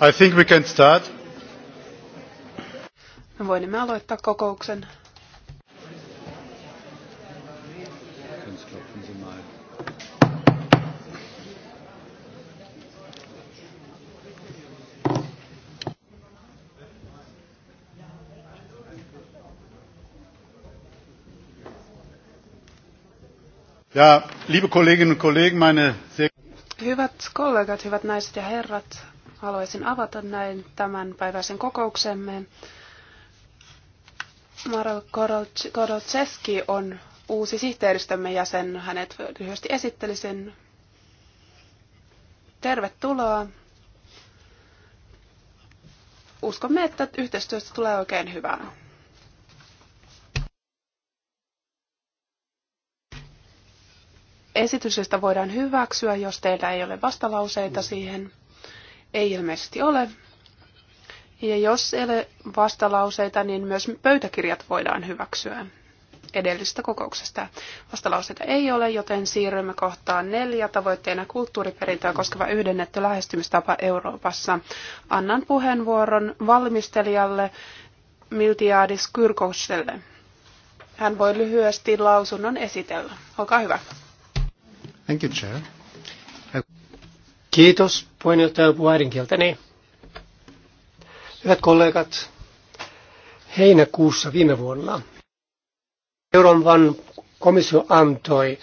I think we can start. Me voimme aloittaa kokouksen. Ja, liebe Kolleginnen und Kollegen, meine sehr Hyvät kollegat, hyvät naiset ja herrat, Haluaisin avata näin tämän päiväisen kokouksemme. Marel Korotseski on uusi sihteeristömme jäsen. Hänet lyhyesti esittelisin. Tervetuloa. Uskomme, että yhteistyöstä tulee oikein hyvää. Esityksestä voidaan hyväksyä, jos teillä ei ole vastalauseita siihen. Ei ilmeisesti ole. Ja jos ei ole vastalauseita, niin myös pöytäkirjat voidaan hyväksyä edellisestä kokouksesta. Vastalauseita ei ole, joten siirrymme kohtaan neljä tavoitteena kulttuuriperintöä koskeva yhdennetty lähestymistapa Euroopassa. Annan puheenvuoron valmistelijalle Miltiadis Kyrkoselle. Hän voi lyhyesti lausunnon esitellä. Olkaa hyvä. Thank you, Chair. Kiitos. Puheenjohtaja puhuu Niin. Hyvät kollegat, heinäkuussa viime vuonna Euroopan komissio antoi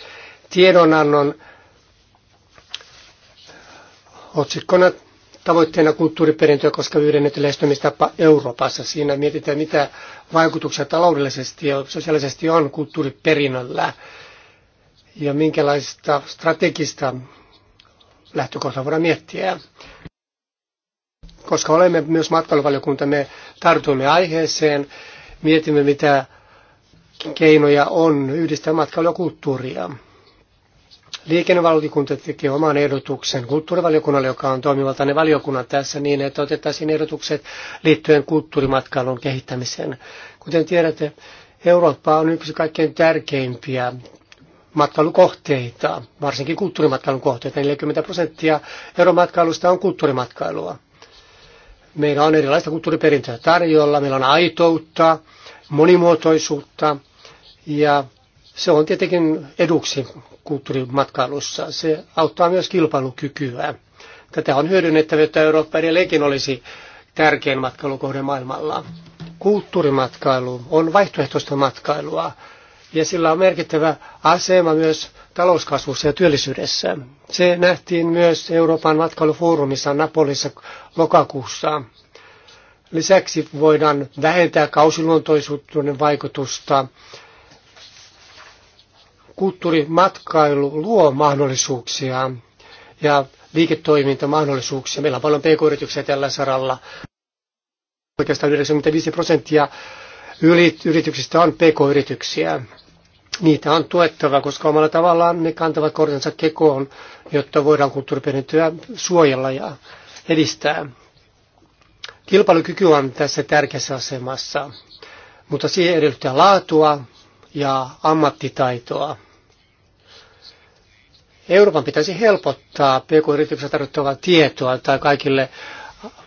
tiedonannon otsikkona tavoitteena kulttuuriperintöä koska yhdennetty lähestymistapa Euroopassa. Siinä mietitään, mitä vaikutuksia taloudellisesti ja sosiaalisesti on kulttuuriperinnöllä ja minkälaista strategista lähtökohta voidaan miettiä. Koska olemme myös matkailuvaliokunta, me tartumme aiheeseen, mietimme mitä keinoja on yhdistää ja kulttuuria. Liikennevaliokunta teki oman ehdotuksen kulttuurivaliokunnalle, joka on toimivaltainen valiokunta tässä niin, että otettaisiin ehdotukset liittyen kulttuurimatkailun kehittämiseen. Kuten tiedätte, Eurooppa on yksi kaikkein tärkeimpiä matkailukohteita, varsinkin kulttuurimatkailun kohteita. 40 prosenttia euromatkailusta on kulttuurimatkailua. Meillä on erilaista kulttuuriperintöä tarjolla, meillä on aitoutta, monimuotoisuutta ja se on tietenkin eduksi kulttuurimatkailussa. Se auttaa myös kilpailukykyä. Tätä on hyödynnettävä, että Eurooppa edelleenkin olisi tärkein matkailukohde maailmalla. Kulttuurimatkailu on vaihtoehtoista matkailua ja sillä on merkittävä asema myös talouskasvussa ja työllisyydessä. Se nähtiin myös Euroopan matkailufoorumissa Napolissa lokakuussa. Lisäksi voidaan vähentää kausiluontoisuuden vaikutusta. Kulttuurimatkailu luo mahdollisuuksia ja liiketoimintamahdollisuuksia. Meillä on paljon pk-yrityksiä tällä saralla. Oikeastaan 95 prosenttia yrityksistä on pk-yrityksiä. Niitä on tuettava, koska omalla tavallaan ne kantavat kortensa kekoon, jotta voidaan kulttuuriperintöä suojella ja edistää. Kilpailukyky on tässä tärkeässä asemassa, mutta siihen edellyttää laatua ja ammattitaitoa. Euroopan pitäisi helpottaa pk-yrityksessä tarvittavaa tietoa tai kaikille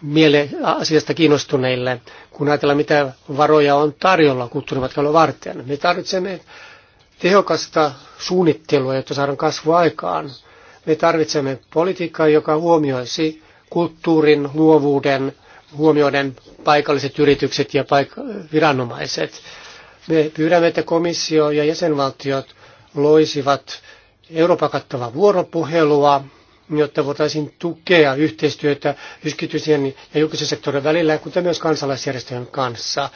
miele asiasta kiinnostuneille, kun ajatellaan, mitä varoja on tarjolla kulttuurimatkailua varten. Me tarvitsemme tehokasta suunnittelua, jotta saadaan kasvua aikaan. Me tarvitsemme politiikkaa, joka huomioisi kulttuurin, luovuuden, huomioiden paikalliset yritykset ja paik- viranomaiset. Me pyydämme, että komissio ja jäsenvaltiot loisivat Euroopan kattavaa vuoropuhelua, jotta voitaisiin tukea yhteistyötä yksityisen ja julkisen sektorin välillä, kuten myös kansalaisjärjestöjen kanssa.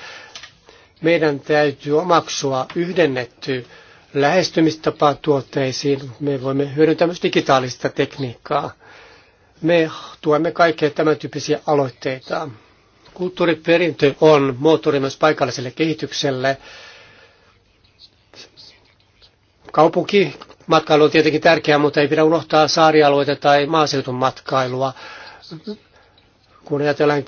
Meidän täytyy omaksua yhdennetty lähestymistapaa tuotteisiin. Me voimme hyödyntää myös digitaalista tekniikkaa. Me tuemme kaikkea tämän tyyppisiä aloitteita. Kulttuuriperintö on moottori myös paikalliselle kehitykselle. Kaupunki matkailu on tietenkin tärkeää, mutta ei pidä unohtaa saarialueita tai maaseutun matkailua. Kun ajatellaan,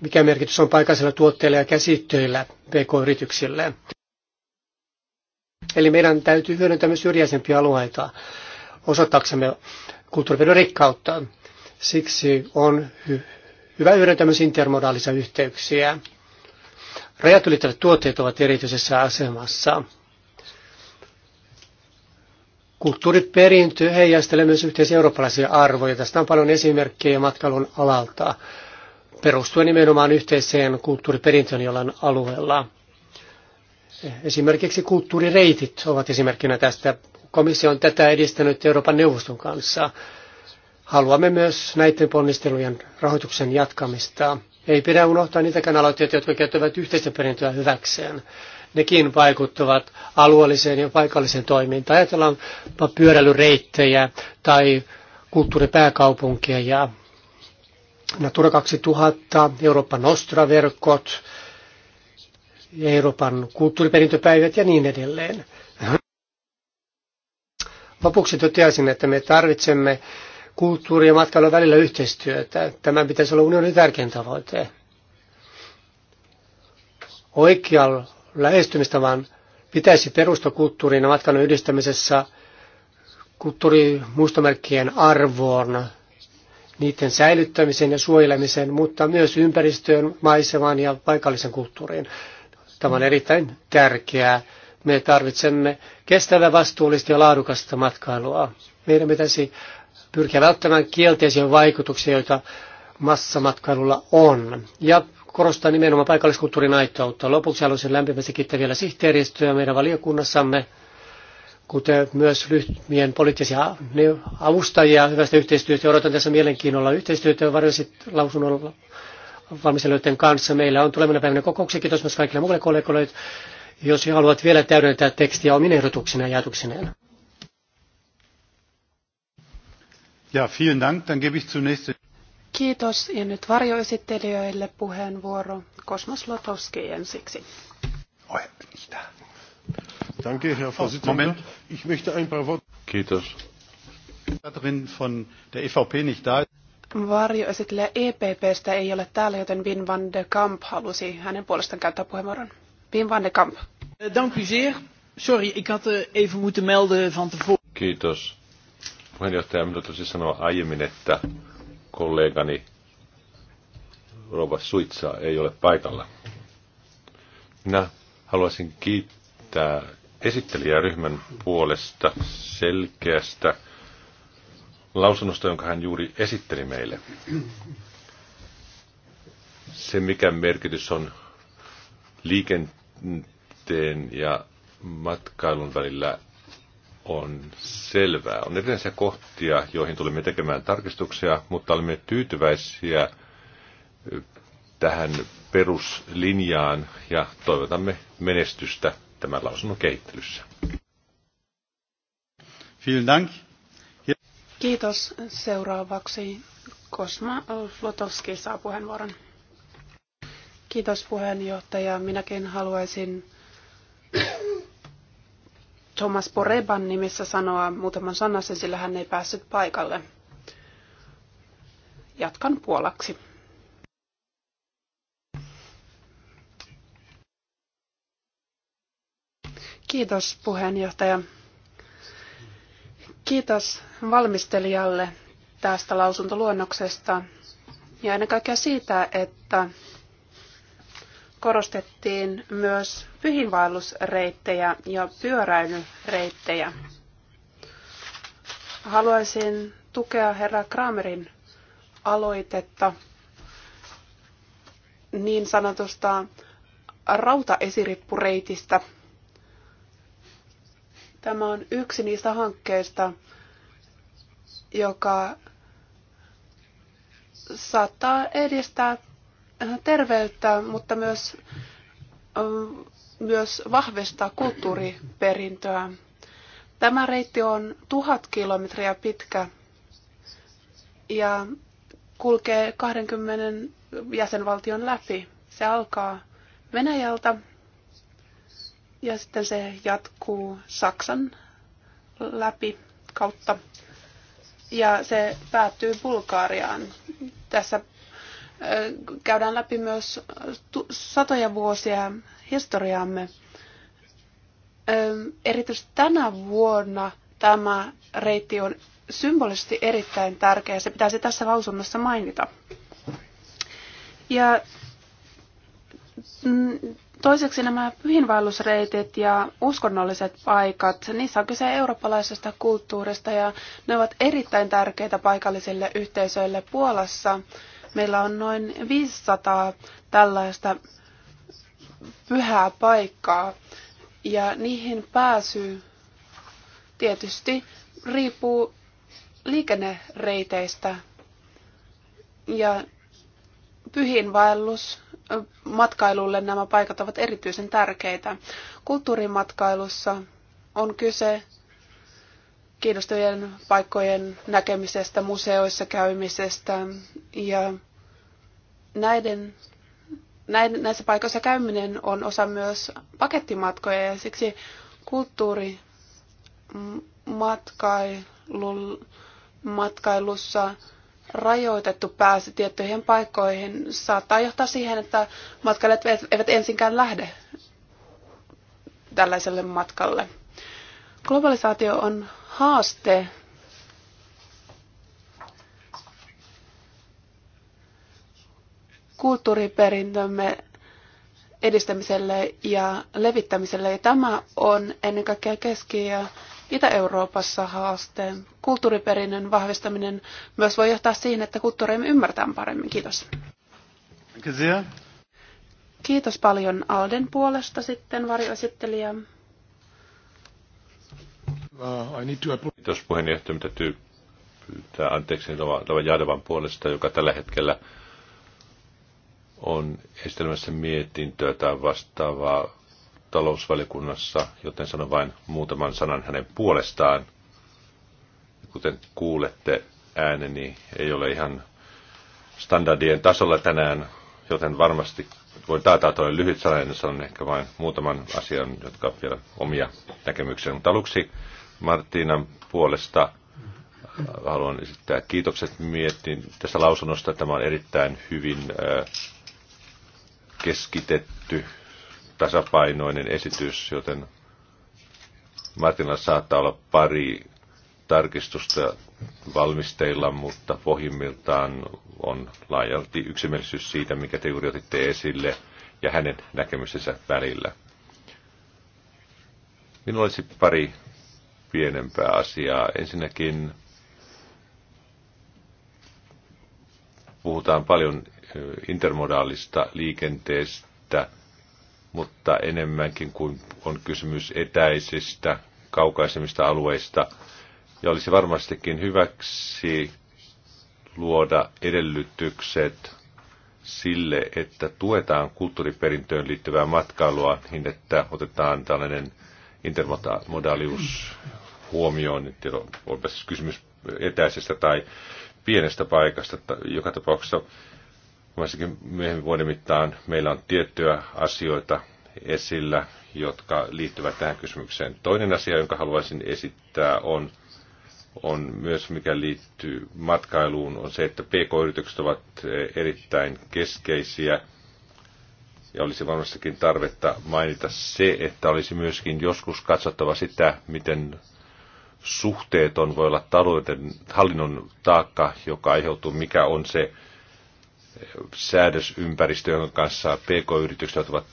mikä merkitys on paikallisilla tuotteilla ja käsitteillä pk-yrityksille. Eli meidän täytyy hyödyntää myös syrjäisempiä alueita osoittaaksemme kulttuuriperinnön rikkautta. Siksi on hy- hyvä hyödyntää myös intermodaalisia yhteyksiä. Rajat ylittävät tuotteet ovat erityisessä asemassa. Kulttuuriperintö heijastelee myös yhteisiä eurooppalaisia arvoja. Tästä on paljon esimerkkejä matkailun alalta, perustuen nimenomaan yhteiseen kulttuuriperintöön jollain alueella. Esimerkiksi kulttuurireitit ovat esimerkkinä tästä. Komissio on tätä edistänyt Euroopan neuvoston kanssa. Haluamme myös näiden ponnistelujen rahoituksen jatkamista. Ei pidä unohtaa niitäkään aloitteita, jotka käyttävät yhteistä perintöä hyväkseen. Nekin vaikuttavat alueelliseen ja paikalliseen toimintaan. Ajatellaan pyöräilyreittejä tai kulttuuripääkaupunkia ja Natura 2000, Euroopan Nostra-verkot, Euroopan kulttuuriperintöpäivät ja niin edelleen. Lopuksi toteaisin, että me tarvitsemme kulttuuri- ja matkailun välillä yhteistyötä. Tämän pitäisi olla unionin tärkein tavoite. Oikealla lähestymistavan pitäisi perusta kulttuurin ja matkailun yhdistämisessä kulttuurimuistomerkkien arvoon, niiden säilyttämiseen ja suojelemisen, mutta myös ympäristöön, maisemaan ja paikallisen kulttuuriin. Tämä on erittäin tärkeää. Me tarvitsemme kestävää, vastuullista ja laadukasta matkailua. Meidän pitäisi pyrkiä välttämään kielteisiä vaikutuksia, joita massamatkailulla on. Ja korostaa nimenomaan paikalliskulttuurin aitoutta. Lopuksi haluaisin lämpimästi kiittää vielä sihteeristöä meidän valiokunnassamme, kuten myös ryhmien poliittisia avustajia hyvästä yhteistyöstä. Odotan tässä mielenkiinnolla yhteistyötä varjoisit lausunnolla valmistelijoiden kanssa. Meillä on tulevana päivänä kokouksia. Kiitos myös kaikille muille kollegoille, jos he vielä täydentää tekstiä omin ehdotuksina ja ajatuksineen. Ja, vielen Dank. Dann gebe ich zunächst... Kiitos. Ja nyt varjoesittelijöille puheenvuoro. Kosmos Lotowski ensiksi. Oh, er Danke, Herr oh, Vorsitzender. Ich möchte ein paar Worte... Kiitos. Von der EVP nicht da varjoesittelijä EPPstä ei ole täällä, joten Wim van de Kamp halusi hänen puolestaan käyttää puheenvuoron. Wim van de Kamp. Eh, dank u zeer. Sorry, ik had eh, even moeten melden van tevoren. Kiitos. Puheenjohtaja, minun tosi sanoa aiemmin, että kollegani Rova Suitsa ei ole paikalla. Minä haluaisin kiittää esittelijäryhmän puolesta selkeästä lausunnosta, jonka hän juuri esitteli meille. Se, mikä merkitys on liikenteen ja matkailun välillä, on selvää. On erilaisia kohtia, joihin tulimme tekemään tarkistuksia, mutta olimme tyytyväisiä tähän peruslinjaan ja toivotamme menestystä tämän lausunnon kehittelyssä. Vielen Dank. Kiitos. Seuraavaksi Kosma Flotowski saa puheenvuoron. Kiitos puheenjohtaja. Minäkin haluaisin Thomas Poreban nimissä sanoa muutaman sanasen, sillä hän ei päässyt paikalle. Jatkan puolaksi. Kiitos puheenjohtaja. Kiitos valmistelijalle tästä lausuntoluonnoksesta ja ennen kaikkea siitä, että korostettiin myös pyhinvaellusreittejä ja pyöräilyreittejä. Haluaisin tukea herra Kramerin aloitetta niin sanotusta rautaesirippureitistä – Tämä on yksi niistä hankkeista, joka saattaa edistää terveyttä, mutta myös, myös vahvistaa kulttuuriperintöä. Tämä reitti on tuhat kilometriä pitkä ja kulkee 20 jäsenvaltion läpi. Se alkaa Venäjältä ja sitten se jatkuu Saksan läpi kautta. Ja se päättyy Bulgaariaan. Tässä käydään läpi myös satoja vuosia historiaamme. Erityisesti tänä vuonna tämä reitti on symbolisesti erittäin tärkeä. Se pitäisi tässä lausunnossa mainita. Ja mm, Toiseksi nämä pyhinvaellusreitit ja uskonnolliset paikat, niissä on kyse eurooppalaisesta kulttuurista ja ne ovat erittäin tärkeitä paikallisille yhteisöille Puolassa. Meillä on noin 500 tällaista pyhää paikkaa ja niihin pääsy tietysti riippuu liikennereiteistä ja pyhinvaellus matkailulle nämä paikat ovat erityisen tärkeitä. Kulttuurimatkailussa on kyse kiinnostavien paikkojen näkemisestä, museoissa käymisestä ja näiden, näissä paikoissa käyminen on osa myös pakettimatkoja ja siksi kulttuurimatkailussa rajoitettu pääsy tiettyihin paikkoihin saattaa johtaa siihen, että matkailijat eivät ensinkään lähde tällaiselle matkalle. Globalisaatio on haaste. kulttuuriperintömme edistämiselle ja levittämiselle. Ja tämä on ennen kaikkea Keski- ja Itä-Euroopassa haasteen. Kulttuuriperinnön vahvistaminen myös voi johtaa siihen, että kulttuurimme ymmärtää paremmin. Kiitos. Kiitos paljon Alden puolesta sitten varjoesittelijä. Uh, Kiitos puheenjohtaja, mitä täytyy pyytää anteeksi niin Lava Jadevan puolesta, joka tällä hetkellä on estelmässä mietintöä tai vastaavaa talousvaliokunnassa, joten sanon vain muutaman sanan hänen puolestaan. Kuten kuulette, ääneni ei ole ihan standardien tasolla tänään, joten varmasti voin taata, että olen lyhyt sanainen, niin sanon ehkä vain muutaman asian, jotka ovat vielä omia näkemyksiä. Mutta aluksi Martinan puolesta äh, haluan esittää kiitokset mietin tässä lausunnosta. että Tämä on erittäin hyvin äh, keskitetty tasapainoinen esitys, joten Martinilla saattaa olla pari tarkistusta valmisteilla, mutta pohjimmiltaan on laajalti yksimielisyys siitä, mikä te juuri otitte esille ja hänen näkemyksensä välillä. Minulla olisi pari pienempää asiaa. Ensinnäkin puhutaan paljon intermodaalista liikenteestä – mutta enemmänkin kuin on kysymys etäisistä, kaukaisemmista alueista. Ja olisi varmastikin hyväksi luoda edellytykset sille, että tuetaan kulttuuriperintöön liittyvää matkailua niin, että otetaan tällainen intermodaalius huomioon, että on siis kysymys etäisestä tai pienestä paikasta. Joka tapauksessa varsinkin myöhemmin vuoden mittaan meillä on tiettyjä asioita esillä, jotka liittyvät tähän kysymykseen. Toinen asia, jonka haluaisin esittää, on, on myös mikä liittyy matkailuun, on se, että pk-yritykset ovat eh, erittäin keskeisiä. Ja olisi varmastikin tarvetta mainita se, että olisi myöskin joskus katsottava sitä, miten suhteeton voi olla talouden, hallinnon taakka, joka aiheutuu, mikä on se säädösympäristö, jonka kanssa PK-yritykset ovat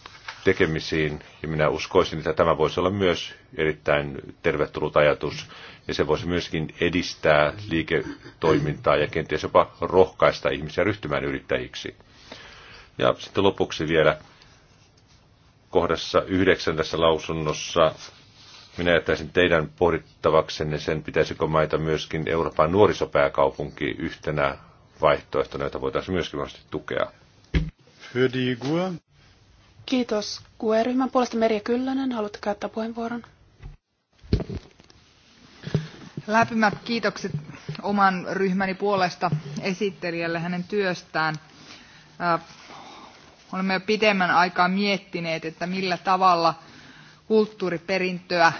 tekemisiin, ja minä uskoisin, että tämä voisi olla myös erittäin tervetullut ajatus, ja se voisi myöskin edistää liiketoimintaa ja kenties jopa rohkaista ihmisiä ryhtymään yrittäjiksi. Ja sitten lopuksi vielä kohdassa yhdeksän tässä lausunnossa minä jättäisin teidän pohdittavaksenne sen, pitäisikö maita myöskin Euroopan nuorisopääkaupunki yhtenä vaihtoehtona, joita voitaisiin myöskin varmasti tukea. E. Kiitos. QE-ryhmän puolesta Merja Kyllönen, haluatte käyttää puheenvuoron? Lämpimät kiitokset oman ryhmäni puolesta esittelijälle hänen työstään. Äh, olemme jo pidemmän aikaa miettineet, että millä tavalla kulttuuriperintöä,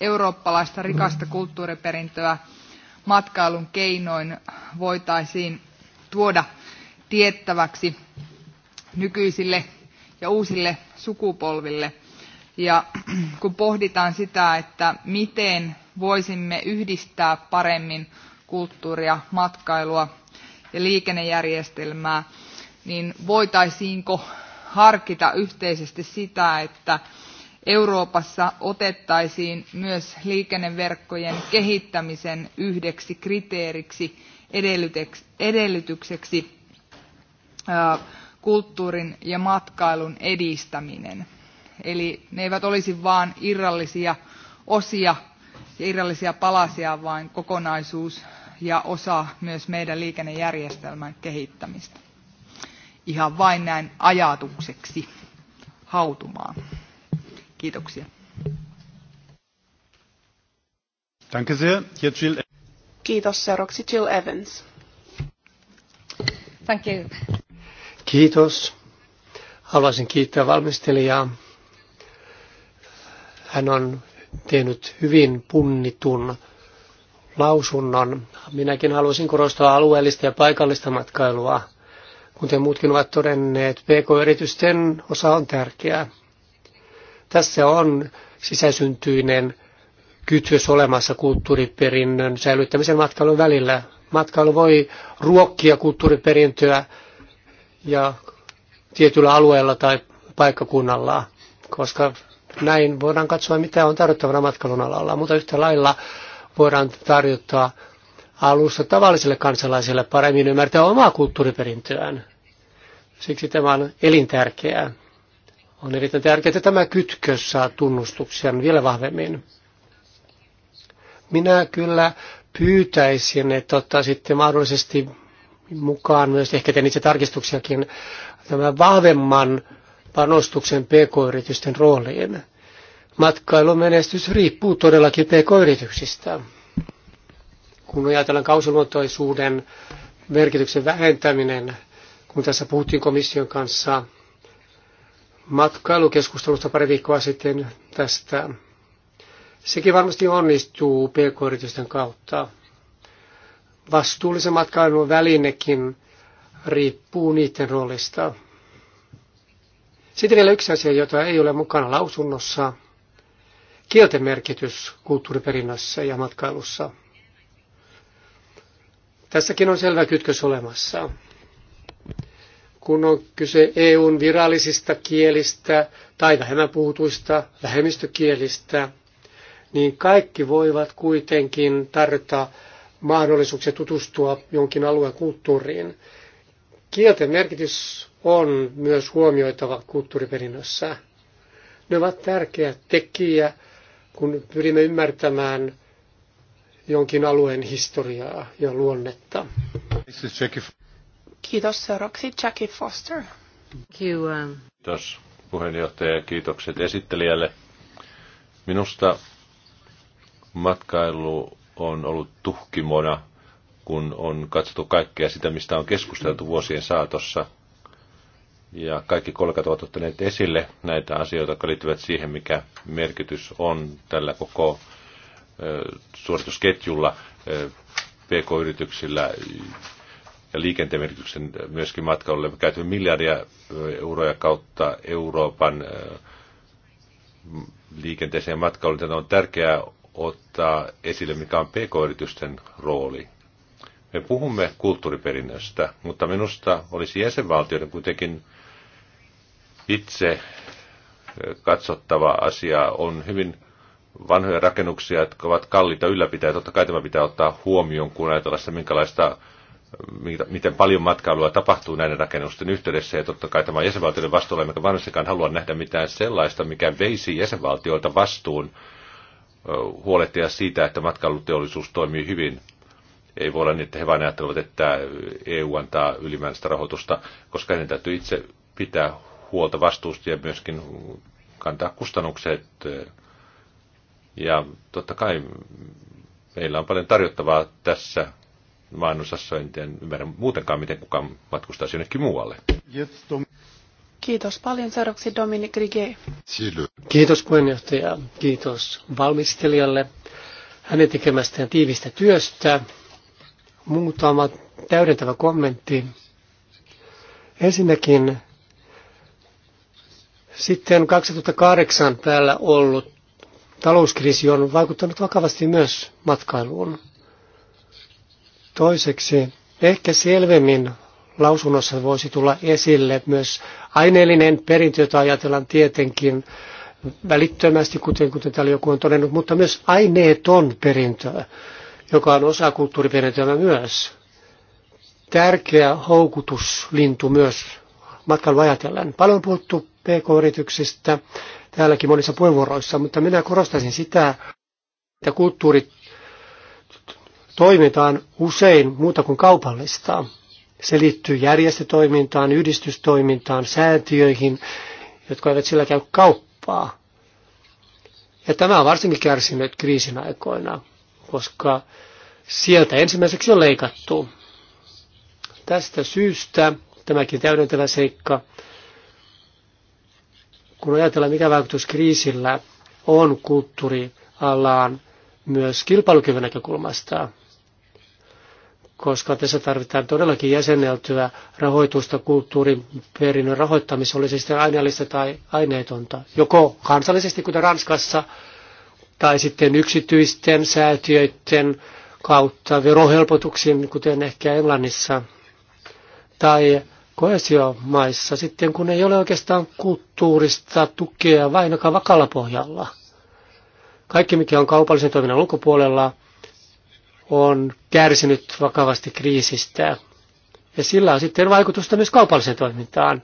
eurooppalaista rikasta kulttuuriperintöä matkailun keinoin voitaisiin tuoda tiettäväksi nykyisille ja uusille sukupolville. Ja kun pohditaan sitä, että miten voisimme yhdistää paremmin kulttuuria, matkailua ja liikennejärjestelmää, niin voitaisiinko harkita yhteisesti sitä, että Euroopassa otettaisiin myös liikenneverkkojen kehittämisen yhdeksi kriteeriksi edellytykseksi kulttuurin ja matkailun edistäminen. Eli ne eivät olisi vain irrallisia osia ja irrallisia palasia, vaan kokonaisuus ja osa myös meidän liikennejärjestelmän kehittämistä. Ihan vain näin ajatukseksi hautumaan. Kiitoksia. Danke sehr. Jill e- Kiitos. Seuraavaksi Jill Evans. Thank you. Kiitos. Haluaisin kiittää valmistelijaa. Hän on tehnyt hyvin punnitun lausunnon. Minäkin haluaisin korostaa alueellista ja paikallista matkailua. Kuten muutkin ovat todenneet, PK-yritysten osa on tärkeää. Tässä on sisäsyntyinen kytkös olemassa kulttuuriperinnön säilyttämisen matkailun välillä. Matkailu voi ruokkia kulttuuriperintöä ja tietyllä alueella tai paikkakunnalla, koska näin voidaan katsoa, mitä on tarjottavana matkailun alalla. Mutta yhtä lailla voidaan tarjota alussa tavalliselle kansalaiselle paremmin ymmärtää omaa kulttuuriperintöään. Siksi tämä on elintärkeää. On erittäin tärkeää, että tämä kytkös saa tunnustuksen vielä vahvemmin. Minä kyllä pyytäisin, että ottaisitte mahdollisesti mukaan myös, ehkä teen itse tarkistuksiakin, tämän vahvemman panostuksen pk-yritysten rooliin. Matkailumenestys riippuu todellakin pk-yrityksistä. Kun ajatellaan kausiluontoisuuden merkityksen vähentäminen, kun tässä puhuttiin komission kanssa matkailukeskustelusta pari viikkoa sitten tästä. Sekin varmasti onnistuu pk-yritysten kautta. Vastuullisen matkailun välinekin riippuu niiden roolista. Sitten vielä yksi asia, jota ei ole mukana lausunnossa. Kielten merkitys kulttuuriperinnössä ja matkailussa. Tässäkin on selvä kytkös olemassa kun on kyse EUn virallisista kielistä tai vähemmän puhutuista vähemmistökielistä, niin kaikki voivat kuitenkin tarjota mahdollisuuksia tutustua jonkin alueen kulttuuriin. Kielten merkitys on myös huomioitava kulttuuriperinnössä. Ne ovat tärkeä tekijä, kun pyrimme ymmärtämään jonkin alueen historiaa ja luonnetta. Kiitos seuraavaksi Jackie Foster. Um, Kiitos puheenjohtaja ja kiitokset esittelijälle. Minusta matkailu on ollut tuhkimona, kun on katsottu kaikkea sitä, mistä on keskusteltu vuosien saatossa. Ja kaikki kollegat ovat ottaneet esille näitä asioita, jotka liittyvät siihen, mikä merkitys on tällä koko suoritusketjulla pk-yrityksillä, ja liikenteen merkityksen myöskin matkailulle. Me käytämme miljardia euroja kautta Euroopan liikenteeseen ja matkailuun. Tätä on tärkeää ottaa esille, mikä on pk-yritysten rooli. Me puhumme kulttuuriperinnöstä, mutta minusta olisi jäsenvaltioiden kuitenkin itse katsottava asia. On hyvin vanhoja rakennuksia, jotka ovat kalliita ylläpitää. Totta kai tämä pitää ottaa huomioon, kun ajatellaan sitä, minkälaista miten paljon matkailua tapahtuu näiden rakennusten yhteydessä, ja totta kai tämä on jäsenvaltioiden vastuulla, emmekä varmastikaan halua nähdä mitään sellaista, mikä veisi jäsenvaltioilta vastuun huolehtia siitä, että matkailuteollisuus toimii hyvin. Ei voi olla niin, että he vain ajattelevat, että EU antaa ylimääräistä rahoitusta, koska heidän täytyy itse pitää huolta vastuusta ja myöskin kantaa kustannukset. Ja totta kai meillä on paljon tarjottavaa tässä maanosassa. En tiedä, ymmärrä muutenkaan, miten kukaan matkustaa jonnekin muualle. Kiitos paljon. Seuraavaksi Dominic Rigue. Kiitos puheenjohtaja. Kiitos valmistelijalle hänen tekemästään tiivistä työstä. Muutama täydentävä kommentti. Ensinnäkin sitten 2008 täällä ollut talouskriisi on vaikuttanut vakavasti myös matkailuun. Toiseksi, ehkä selvemmin lausunnossa voisi tulla esille myös aineellinen perintö, jota ajatellaan tietenkin välittömästi, kuten, kuten täällä joku on todennut, mutta myös aineeton perintö, joka on osa kulttuuriperintöä myös. Tärkeä houkutuslintu myös matkailu ajatellen. Paljon puhuttu PK-yrityksistä täälläkin monissa puheenvuoroissa, mutta minä korostaisin sitä, että kulttuuri toimitaan usein muuta kuin kaupallista. Se liittyy järjestötoimintaan, yhdistystoimintaan, säätiöihin, jotka eivät sillä käy kauppaa. Ja tämä on varsinkin kärsinyt kriisin aikoina, koska sieltä ensimmäiseksi on leikattu. Tästä syystä tämäkin täydentävä seikka, kun ajatellaan mikä vaikutus kriisillä on kulttuurialaan myös kilpailukyvyn näkökulmasta, koska tässä tarvitaan todellakin jäsenneltyä rahoitusta kulttuurin perinnön rahoittamiseen, oli se sitten aineellista tai aineetonta. Joko kansallisesti, kuten Ranskassa, tai sitten yksityisten säätiöiden kautta verohelpotuksiin, kuten ehkä Englannissa, tai koesiomaissa sitten, kun ei ole oikeastaan kulttuurista tukea, vain vakalla pohjalla. Kaikki, mikä on kaupallisen toiminnan ulkopuolella, on kärsinyt vakavasti kriisistä. Ja sillä on sitten vaikutusta myös kaupalliseen toimintaan.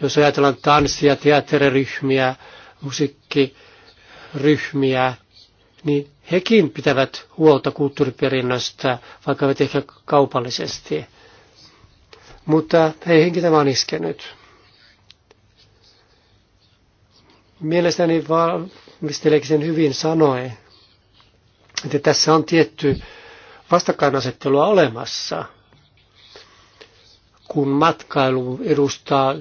Jos ajatellaan tanssia, teatteriryhmiä, musiikkiryhmiä, niin hekin pitävät huolta kulttuuriperinnöstä, vaikka eivät ehkä kaupallisesti. Mutta heihinkin tämä on iskenyt. Mielestäni valmisteleekin sen hyvin sanoen, että tässä on tietty vastakkainasettelua olemassa, kun matkailu edustaa 8,5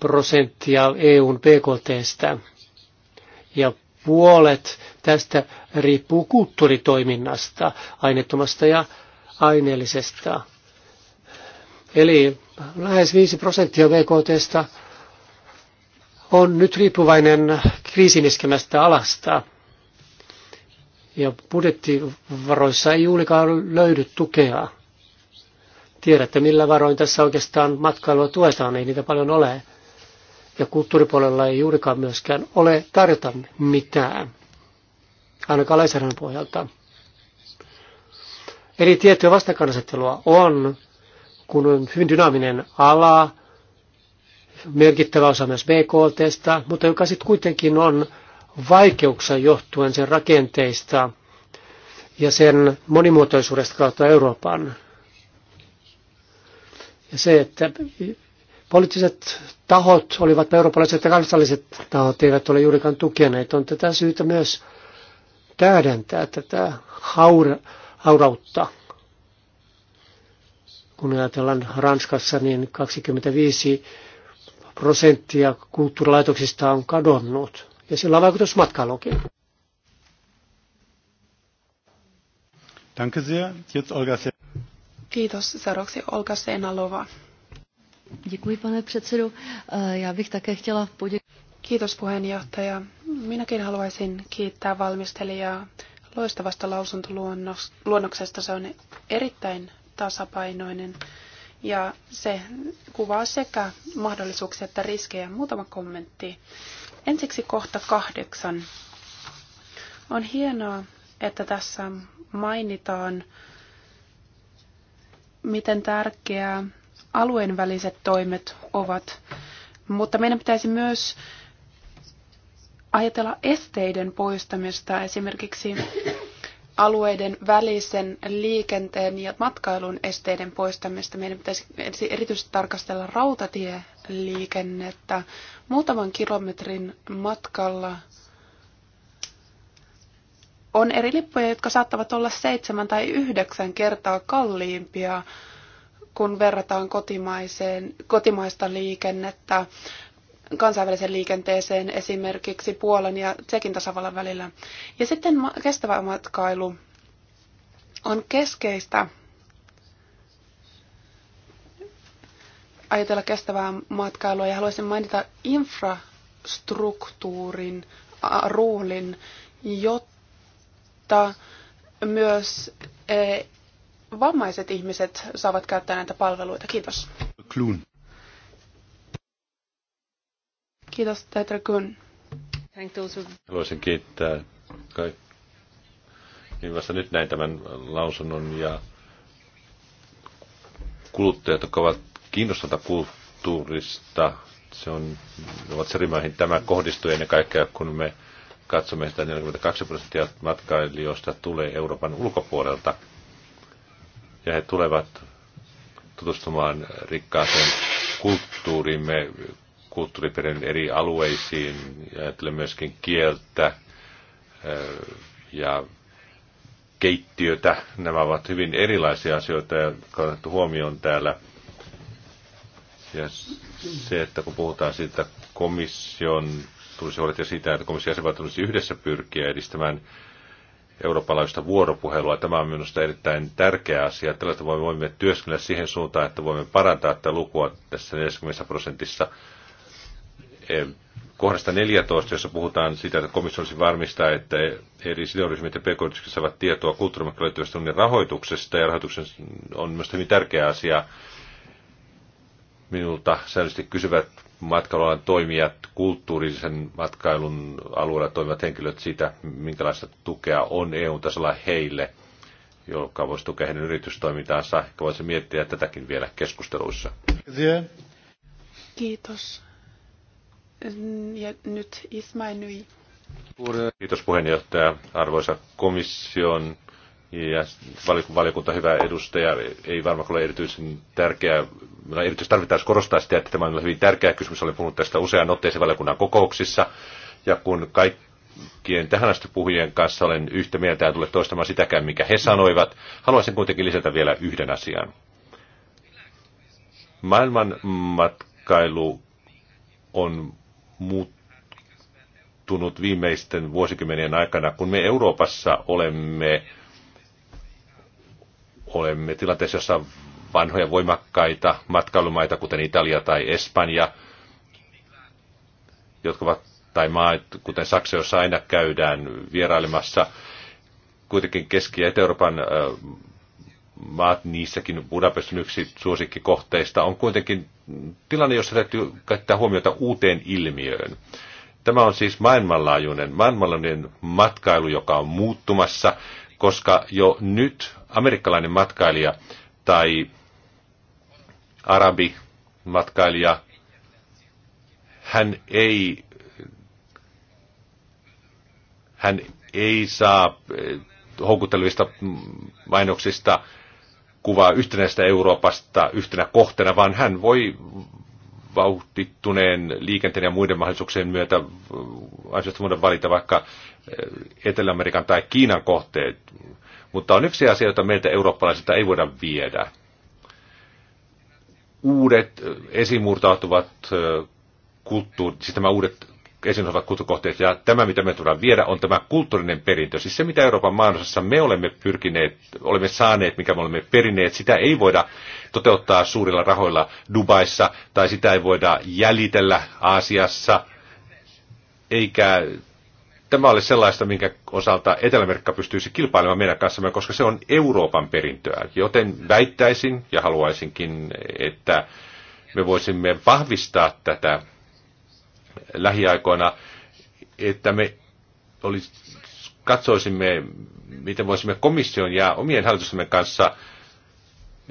prosenttia EUn BKTstä ja puolet tästä riippuu kulttuuritoiminnasta, aineettomasta ja aineellisesta. Eli lähes 5 prosenttia BKTstä on nyt riippuvainen kriisin iskemästä alasta ja budjettivaroissa ei juurikaan löydy tukea. Tiedätte, millä varoin tässä oikeastaan matkailua tuetaan, ei niitä paljon ole. Ja kulttuuripuolella ei juurikaan myöskään ole tarjota mitään, ainakaan lainsäädännön pohjalta. Eli tiettyä vastakkainasettelua on, kun on hyvin dynaaminen ala, merkittävä osa myös BKTstä, mutta joka sitten kuitenkin on vaikeuksia johtuen sen rakenteista ja sen monimuotoisuudesta kautta Euroopan. Ja se, että poliittiset tahot, olivat eurooppalaiset ja kansalliset tahot, eivät ole juurikaan tukeneet, on tätä syytä myös täydentää tätä haura, haurautta. Kun ajatellaan Ranskassa, niin 25 prosenttia kulttuurilaitoksista on kadonnut ja sillä on vaikutus matkailuunkin. Kiitos. Seuraavaksi Olga Seinalova. Děkuji, pane předsedu. E, já bych také chtěla poděkovat. Kiitos puheenjohtaja. Minäkin haluaisin kiittää valmistelijaa loistavasta lausuntoluonnoksesta. Se on erittäin tasapainoinen ja se kuvaa sekä mahdollisuuksia että riskejä. Muutama kommentti. Ensiksi kohta kahdeksan. On hienoa, että tässä mainitaan, miten tärkeää alueen väliset toimet ovat, mutta meidän pitäisi myös ajatella esteiden poistamista, esimerkiksi alueiden välisen liikenteen ja matkailun esteiden poistamista. Meidän pitäisi erityisesti tarkastella rautatieliikennettä. Muutaman kilometrin matkalla on eri lippuja, jotka saattavat olla seitsemän tai yhdeksän kertaa kalliimpia, kun verrataan kotimaiseen, kotimaista liikennettä kansainväliseen liikenteeseen esimerkiksi Puolan ja Tsekin tasavallan välillä. Ja sitten kestävä matkailu on keskeistä ajatella kestävää matkailua ja haluaisin mainita infrastruktuurin roolin, jotta myös e, vammaiset ihmiset saavat käyttää näitä palveluita. Kiitos. Kluun. Kiitos, Petra Kun. Haluaisin kiittää kaikkia. Niin vasta nyt näin tämän lausunnon ja kuluttajat, jotka ovat kiinnostuneita kulttuurista, se on, ovat serimaihin tämä kohdistuu ennen kaikkea, kun me katsomme sitä 42 prosenttia matkailijoista tulee Euroopan ulkopuolelta. Ja he tulevat tutustumaan rikkaaseen kulttuurimme kulttuuriperin eri alueisiin, ajattelen myöskin kieltä ja keittiötä. Nämä ovat hyvin erilaisia asioita, ja on huomioon täällä. Ja se, että kun puhutaan siitä komission, tulisi huolehtia siitä, että komission jäsenvaltio tulisi yhdessä pyrkiä edistämään eurooppalaista vuoropuhelua. Tämä on minusta erittäin tärkeä asia. Tällaista voimme työskennellä siihen suuntaan, että voimme parantaa tätä lukua tässä 40 prosentissa Eh, kohdasta 14, jossa puhutaan siitä, että komissio olisi varmistaa, että eri sidollismit ja pk saavat tietoa kulttuurimakkoon unionin rahoituksesta, ja rahoituksen on myös hyvin tärkeä asia. Minulta säännöllisesti kysyvät matkailualan toimijat, kulttuurisen matkailun alueella toimivat henkilöt siitä, minkälaista tukea on EU-tasolla heille, joka voisi tukea heidän yritystoimintaansa. voisi miettiä tätäkin vielä keskusteluissa. Kiitos. Ja nyt Ismail Kiitos puheenjohtaja, arvoisa komission ja valiokunta hyvä edustaja. Ei varmaan ole erityisen tärkeää, no, erityisesti tarvitaan korostaa sitä, että tämä on hyvin tärkeä kysymys. Olen puhunut tästä usean otteeseen valiokunnan kokouksissa. Ja kun kaikkien tähän asti puhujien kanssa olen yhtä mieltä ja tule toistamaan sitäkään, mikä he sanoivat, haluaisin kuitenkin lisätä vielä yhden asian. Maailman matkailu on muuttunut viimeisten vuosikymmenien aikana, kun me Euroopassa olemme, olemme tilanteessa, jossa vanhoja voimakkaita matkailumaita, kuten Italia tai Espanja, jotka ovat, tai maat, kuten Saksa, jossa aina käydään vierailemassa, kuitenkin Keski- ja Etelä-Euroopan maat, niissäkin Budapestin yksi suosikkikohteista, on kuitenkin tilanne, jossa täytyy käyttää huomiota uuteen ilmiöön. Tämä on siis maailmanlaajuinen, maailmanlaajuinen matkailu, joka on muuttumassa, koska jo nyt amerikkalainen matkailija tai arabi matkailija, hän ei, hän ei saa eh, houkuttelevista mainoksista kuvaa yhtenäistä Euroopasta yhtenä kohteena, vaan hän voi vauhtittuneen liikenteen ja muiden mahdollisuuksien myötä äh, asioista muuten valita vaikka äh, Etelä-Amerikan tai Kiinan kohteet. Mutta on yksi asia, jota meiltä eurooppalaisilta ei voida viedä. Uudet äh, esimurtautuvat kulttuurit, siis nämä uudet esiin ovat kulttuurikohteet. Ja tämä, mitä me tullaan viedä, on tämä kulttuurinen perintö. Siis se, mitä Euroopan maanosassa me olemme pyrkineet, olemme saaneet, mikä me olemme perineet, sitä ei voida toteuttaa suurilla rahoilla Dubaissa, tai sitä ei voida jäljitellä Aasiassa, eikä tämä ole sellaista, minkä osalta Etelä-Amerikka pystyisi kilpailemaan meidän kanssamme, koska se on Euroopan perintöä. Joten väittäisin ja haluaisinkin, että me voisimme vahvistaa tätä lähiaikoina, että me olis, katsoisimme, miten voisimme komission ja omien hallitustemme kanssa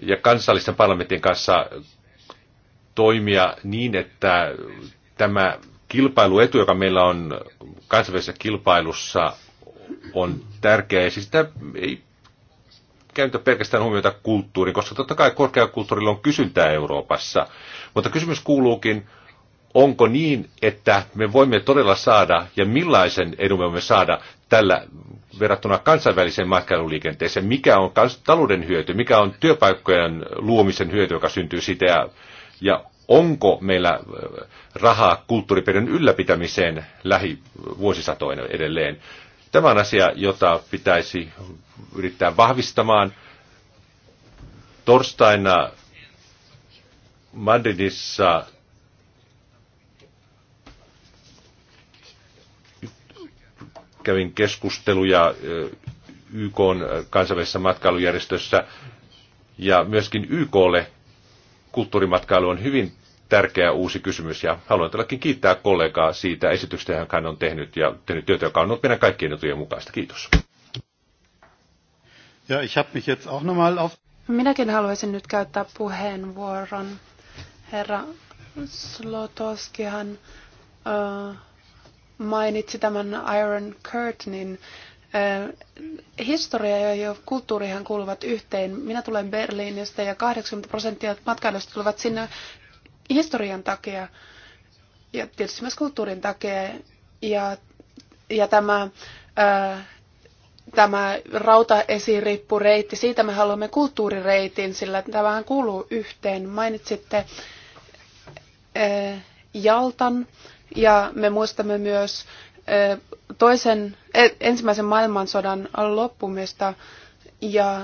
ja kansallisten parlamentin kanssa toimia niin, että tämä kilpailuetu, joka meillä on kansainvälisessä kilpailussa, on tärkeä. Ja siis sitä ei käytä pelkästään huomiota kulttuuriin, koska totta kai korkeakulttuurilla on kysyntää Euroopassa. Mutta kysymys kuuluukin, onko niin, että me voimme todella saada ja millaisen edun me voimme saada tällä verrattuna kansainväliseen matkailuliikenteeseen, mikä on talouden hyöty, mikä on työpaikkojen luomisen hyöty, joka syntyy sitä ja, ja onko meillä äh, rahaa kulttuuriperinnön ylläpitämiseen lähivuosisatoina edelleen. Tämä on asia, jota pitäisi yrittää vahvistamaan. Torstaina Madridissa kävin keskusteluja eh, YK eh, kansainvälisessä matkailujärjestössä ja myöskin YKlle kulttuurimatkailu on hyvin tärkeä uusi kysymys ja haluan todellakin kiittää kollegaa siitä esityksestä, jonka hän on tehnyt ja tehnyt työtä, joka on ollut meidän kaikkien etujen mukaista. Kiitos. Ja, ich hab mich jetzt auch nochmal auf... Minäkin haluaisin nyt käyttää puheenvuoron. Herra Slotoskihan äh, mainitsi tämän Iron Curtainin. Historia ja kulttuurihan kuuluvat yhteen. Minä tulen Berliinistä ja 80 prosenttia matkailijoista tulevat sinne historian takia ja tietysti myös kulttuurin takia. Ja, ja tämä, ää, tämä rautaesirippureitti, siitä me haluamme kulttuurireitin, sillä tämähän kuuluu yhteen. Mainitsitte ää, Jaltan. Ää, ja me muistamme myös toisen, e, ensimmäisen maailmansodan loppumista ja,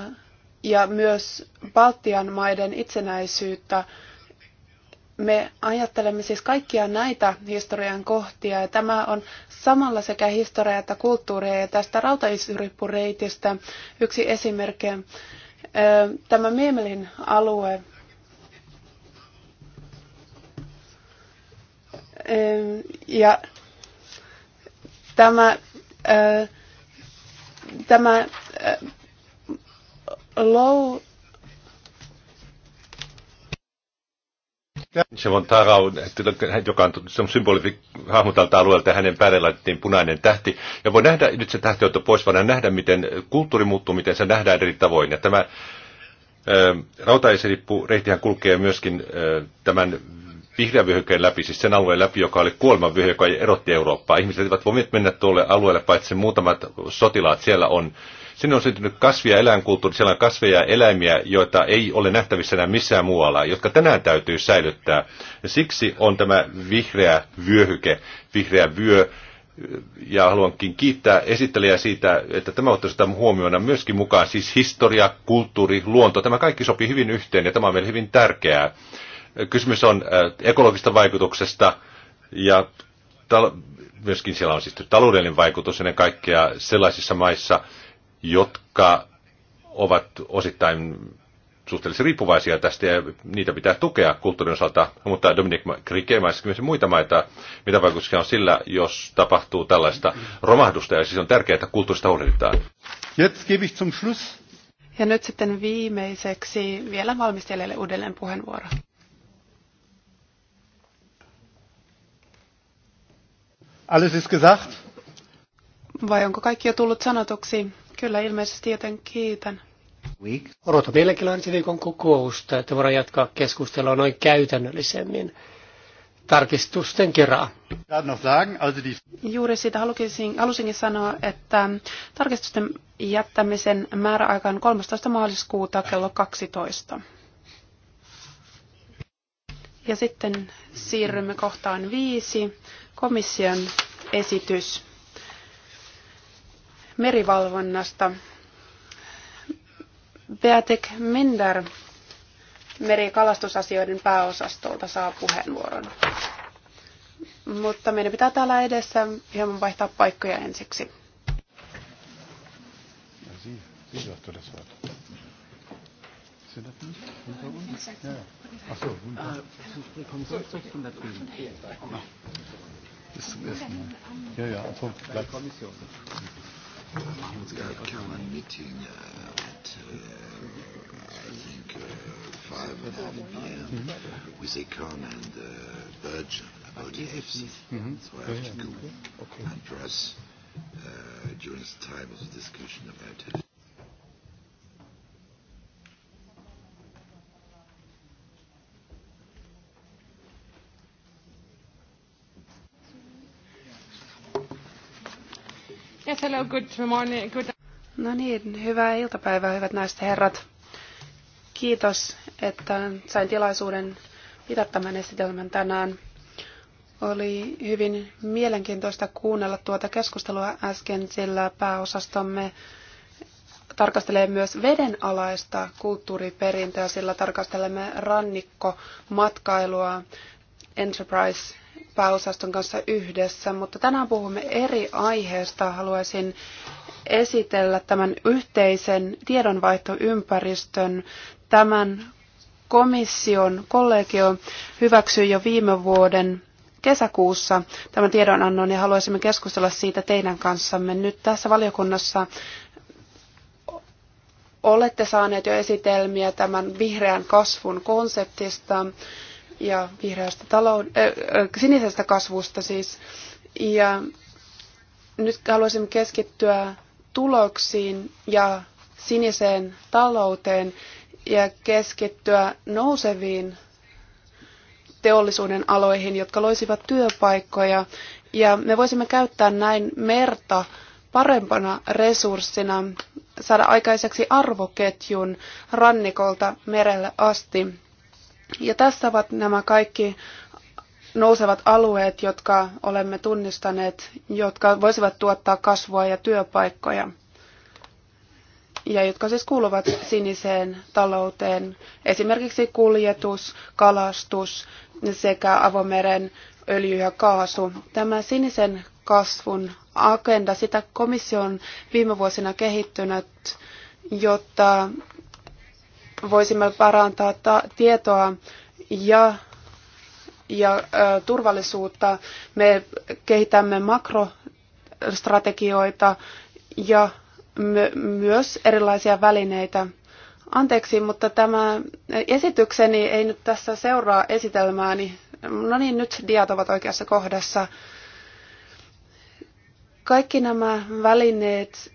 ja myös Baltian maiden itsenäisyyttä. Me ajattelemme siis kaikkia näitä historian kohtia ja tämä on samalla sekä historia että kulttuuria ja tästä rautaisyrippureitistä yksi esimerkki. Tämä Miemelin alue Ja tämä, tämä low, Se on Tarau, joka on tuota, symboli hahmo tältä alueelta, ja hänen päälle laitettiin punainen tähti. Ja voi nähdä, nyt se tähti on pois, vaan nähdä, miten kulttuuri muuttuu, miten se nähdään eri tavoin. Ja tämä rautaisilippu reittihän kulkee myöskin tämän vihreän vyöhykkeen läpi, siis sen alueen läpi, joka oli kuoleman vyöhyke, joka erotti Eurooppaa. Ihmiset eivät voi mennä tuolle alueelle, paitsi muutamat sotilaat siellä on. Sinne on syntynyt kasvia eläinkulttuuri, siellä on kasveja ja eläimiä, joita ei ole nähtävissä enää missään muualla, jotka tänään täytyy säilyttää. Ja siksi on tämä vihreä vyöhyke, vihreä vyö, ja haluankin kiittää esittelijää siitä, että tämä ottaisi tämän huomioon myöskin mukaan, siis historia, kulttuuri, luonto, tämä kaikki sopii hyvin yhteen ja tämä on meille hyvin tärkeää. Kysymys on äh, ekologista vaikutuksesta ja myöskin siellä on siis taloudellinen vaikutus ennen kaikkea sellaisissa maissa, jotka ovat osittain suhteellisen riippuvaisia tästä ja niitä pitää tukea kulttuurin osalta, mutta Dominic Krike myös muita maita, mitä vaikutuksia on sillä, jos tapahtuu tällaista romahdusta ja siis on tärkeää, että kulttuurista huolehditaan. Jetzt gebe ich zum Schluss. Ja nyt sitten viimeiseksi vielä valmistelijalle uudelleen puheenvuoro. Alles ist gesagt. Vai onko kaikki jo tullut sanotuksi? Kyllä ilmeisesti, joten kiitän. Week. Odotan mielenkiinnolla ensi viikon kokousta, että voidaan jatkaa keskustelua noin käytännöllisemmin tarkistusten kerran. Juuri siitä halusin, halusinkin sanoa, että tarkistusten jättämisen määräaika on 13. maaliskuuta kello 12. Ja sitten siirrymme kohtaan viisi komission esitys merivalvonnasta. Beatek Minder merikalastusasioiden pääosastolta saa puheenvuoron. Mutta meidän pitää täällä edessä hieman vaihtaa paikkoja ensiksi. Ach so, Bis zum ersten Mal. Ja, ja, also Platz. Machen uns gerade ein Meeting at, uh, I think, uh, five and a half p.m. with Econ and uh, Budge about the FC. Mm-hmm. Mm-hmm. So I have to go and dress uh, during the time of the discussion about it. Yes, hello, good morning. Good... No niin, hyvää iltapäivää, hyvät naiset ja herrat. Kiitos, että sain tilaisuuden pitää tämän esitelmän tänään. Oli hyvin mielenkiintoista kuunnella tuota keskustelua äsken, sillä pääosastomme tarkastelee myös vedenalaista kulttuuriperintöä, sillä tarkastelemme rannikkomatkailua Enterprise pääosaston kanssa yhdessä, mutta tänään puhumme eri aiheesta. Haluaisin esitellä tämän yhteisen tiedonvaihtoympäristön. Tämän komission kollegio hyväksyi jo viime vuoden kesäkuussa tämän tiedonannon ja haluaisimme keskustella siitä teidän kanssamme. Nyt tässä valiokunnassa olette saaneet jo esitelmiä tämän vihreän kasvun konseptista ja vihreästä talou... Äh, äh, sinisestä kasvusta siis. Ja nyt haluaisimme keskittyä tuloksiin ja siniseen talouteen ja keskittyä nouseviin teollisuuden aloihin, jotka loisivat työpaikkoja. Ja me voisimme käyttää näin merta parempana resurssina saada aikaiseksi arvoketjun rannikolta merelle asti. Ja tässä ovat nämä kaikki nousevat alueet, jotka olemme tunnistaneet, jotka voisivat tuottaa kasvua ja työpaikkoja ja jotka siis kuuluvat siniseen talouteen, esimerkiksi kuljetus, kalastus sekä avomeren öljy ja kaasu. Tämä sinisen kasvun agenda, sitä komission viime vuosina kehittynyt, jotta voisimme parantaa tietoa ja, ja turvallisuutta. Me kehitämme makrostrategioita ja my- myös erilaisia välineitä. Anteeksi, mutta tämä esitykseni ei nyt tässä seuraa esitelmääni. No niin, nyt diat ovat oikeassa kohdassa. Kaikki nämä välineet,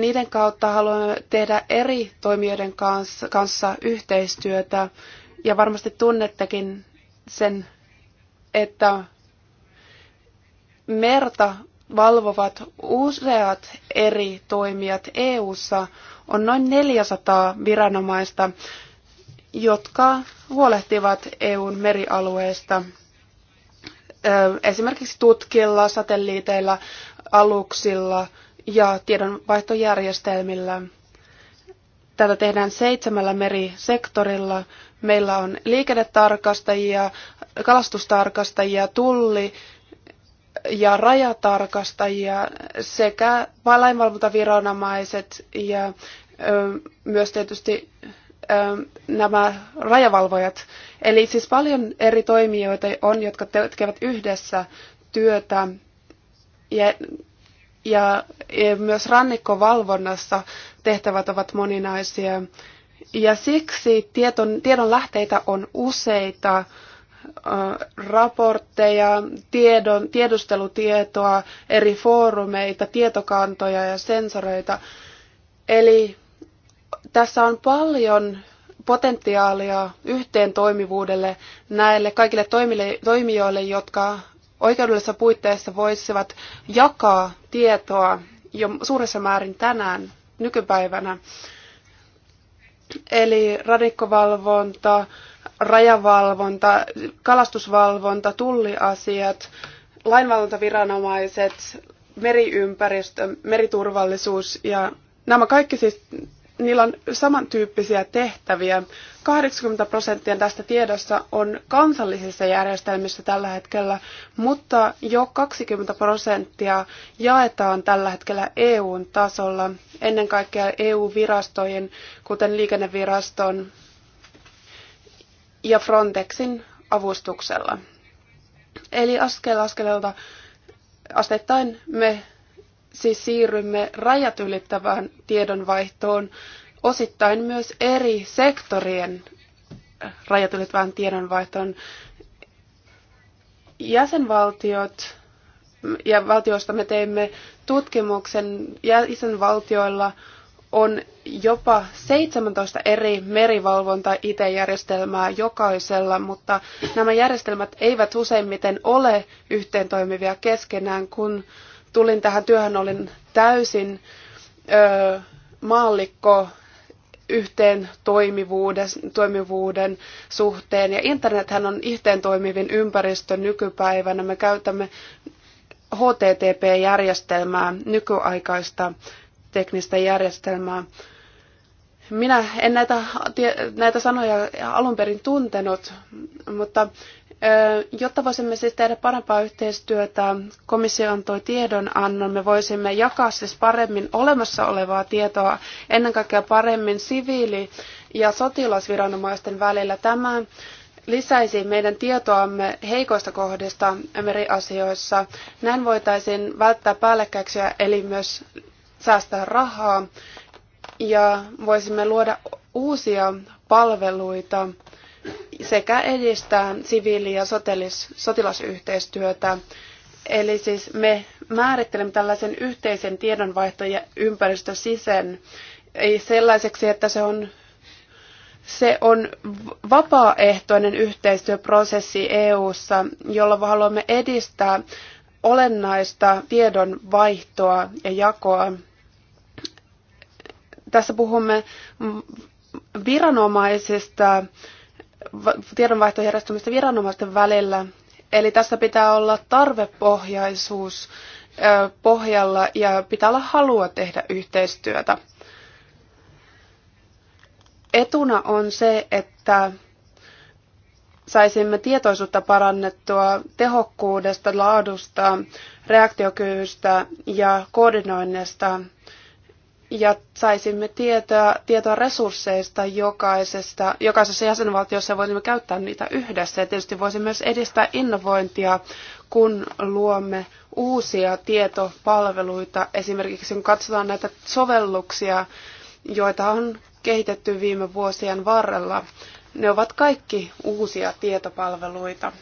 niiden kautta haluamme tehdä eri toimijoiden kanssa, kanssa yhteistyötä. Ja varmasti tunnettekin sen, että merta valvovat useat eri toimijat EU:ssa on noin 400 viranomaista, jotka huolehtivat EUn merialueesta. Esimerkiksi tutkilla, satelliiteilla, aluksilla – ja tiedonvaihtojärjestelmillä. Tätä tehdään seitsemällä merisektorilla. Meillä on liikennetarkastajia, kalastustarkastajia, tulli ja rajatarkastajia sekä lainvalvontaviranomaiset ja myös tietysti nämä rajavalvojat. Eli siis paljon eri toimijoita on, jotka tekevät yhdessä työtä ja ja e, myös rannikkovalvonnassa tehtävät ovat moninaisia. Ja siksi tiedon, tiedon lähteitä on useita raportteja, tiedon, tiedustelutietoa, eri foorumeita, tietokantoja ja sensoreita. Eli tässä on paljon potentiaalia yhteen toimivuudelle näille kaikille toimijoille, jotka oikeudellisessa puitteissa voisivat jakaa tietoa jo suuressa määrin tänään, nykypäivänä. Eli radikkovalvonta, rajavalvonta, kalastusvalvonta, tulliasiat, lainvalvontaviranomaiset, meriympäristö, meriturvallisuus ja nämä kaikki siis niillä on samantyyppisiä tehtäviä. 80 prosenttia tästä tiedosta on kansallisissa järjestelmissä tällä hetkellä, mutta jo 20 prosenttia jaetaan tällä hetkellä EUn tasolla, ennen kaikkea EU-virastojen, kuten liikenneviraston ja Frontexin avustuksella. Eli askel askeleelta asteittain me siis siirrymme rajat ylittävään tiedonvaihtoon, osittain myös eri sektorien rajat ylittävään tiedonvaihtoon. Jäsenvaltiot ja valtioista me teimme tutkimuksen jäsenvaltioilla on jopa 17 eri merivalvonta IT-järjestelmää jokaisella, mutta nämä järjestelmät eivät useimmiten ole yhteentoimivia keskenään, kun tulin tähän työhön, olin täysin ö, maallikko yhteen toimivuuden, suhteen. Ja internethän on yhteen toimivin ympäristö nykypäivänä. Me käytämme HTTP-järjestelmää, nykyaikaista teknistä järjestelmää. Minä en näitä, näitä sanoja alun perin tuntenut, mutta Jotta voisimme siis tehdä parempaa yhteistyötä, komissio antoi tiedonannon, me voisimme jakaa siis paremmin olemassa olevaa tietoa, ennen kaikkea paremmin siviili- ja sotilasviranomaisten välillä. Tämä lisäisi meidän tietoamme heikoista kohdista meriasioissa. Näin voitaisiin välttää päällekkäyksiä, eli myös säästää rahaa, ja voisimme luoda uusia palveluita sekä edistää siviili- ja sotilasyhteistyötä. Eli siis me määrittelemme tällaisen yhteisen tiedonvaihto- ja ei sellaiseksi, että se on, se on vapaaehtoinen yhteistyöprosessi EU:ssa, jolla haluamme edistää olennaista tiedon vaihtoa ja jakoa. Tässä puhumme viranomaisista, tiedonvaihtojärjestelmistä viranomaisten välillä. Eli tässä pitää olla tarvepohjaisuus pohjalla ja pitää olla halua tehdä yhteistyötä. Etuna on se, että saisimme tietoisuutta parannettua tehokkuudesta, laadusta, reaktiokyvystä ja koordinoinnista ja saisimme tietoa, tietoa resursseista jokaisesta, jokaisessa jäsenvaltiossa ja voisimme käyttää niitä yhdessä. Ja tietysti voisimme myös edistää innovointia, kun luomme uusia tietopalveluita. Esimerkiksi kun katsotaan näitä sovelluksia, joita on kehitetty viime vuosien varrella, ne ovat kaikki uusia tietopalveluita.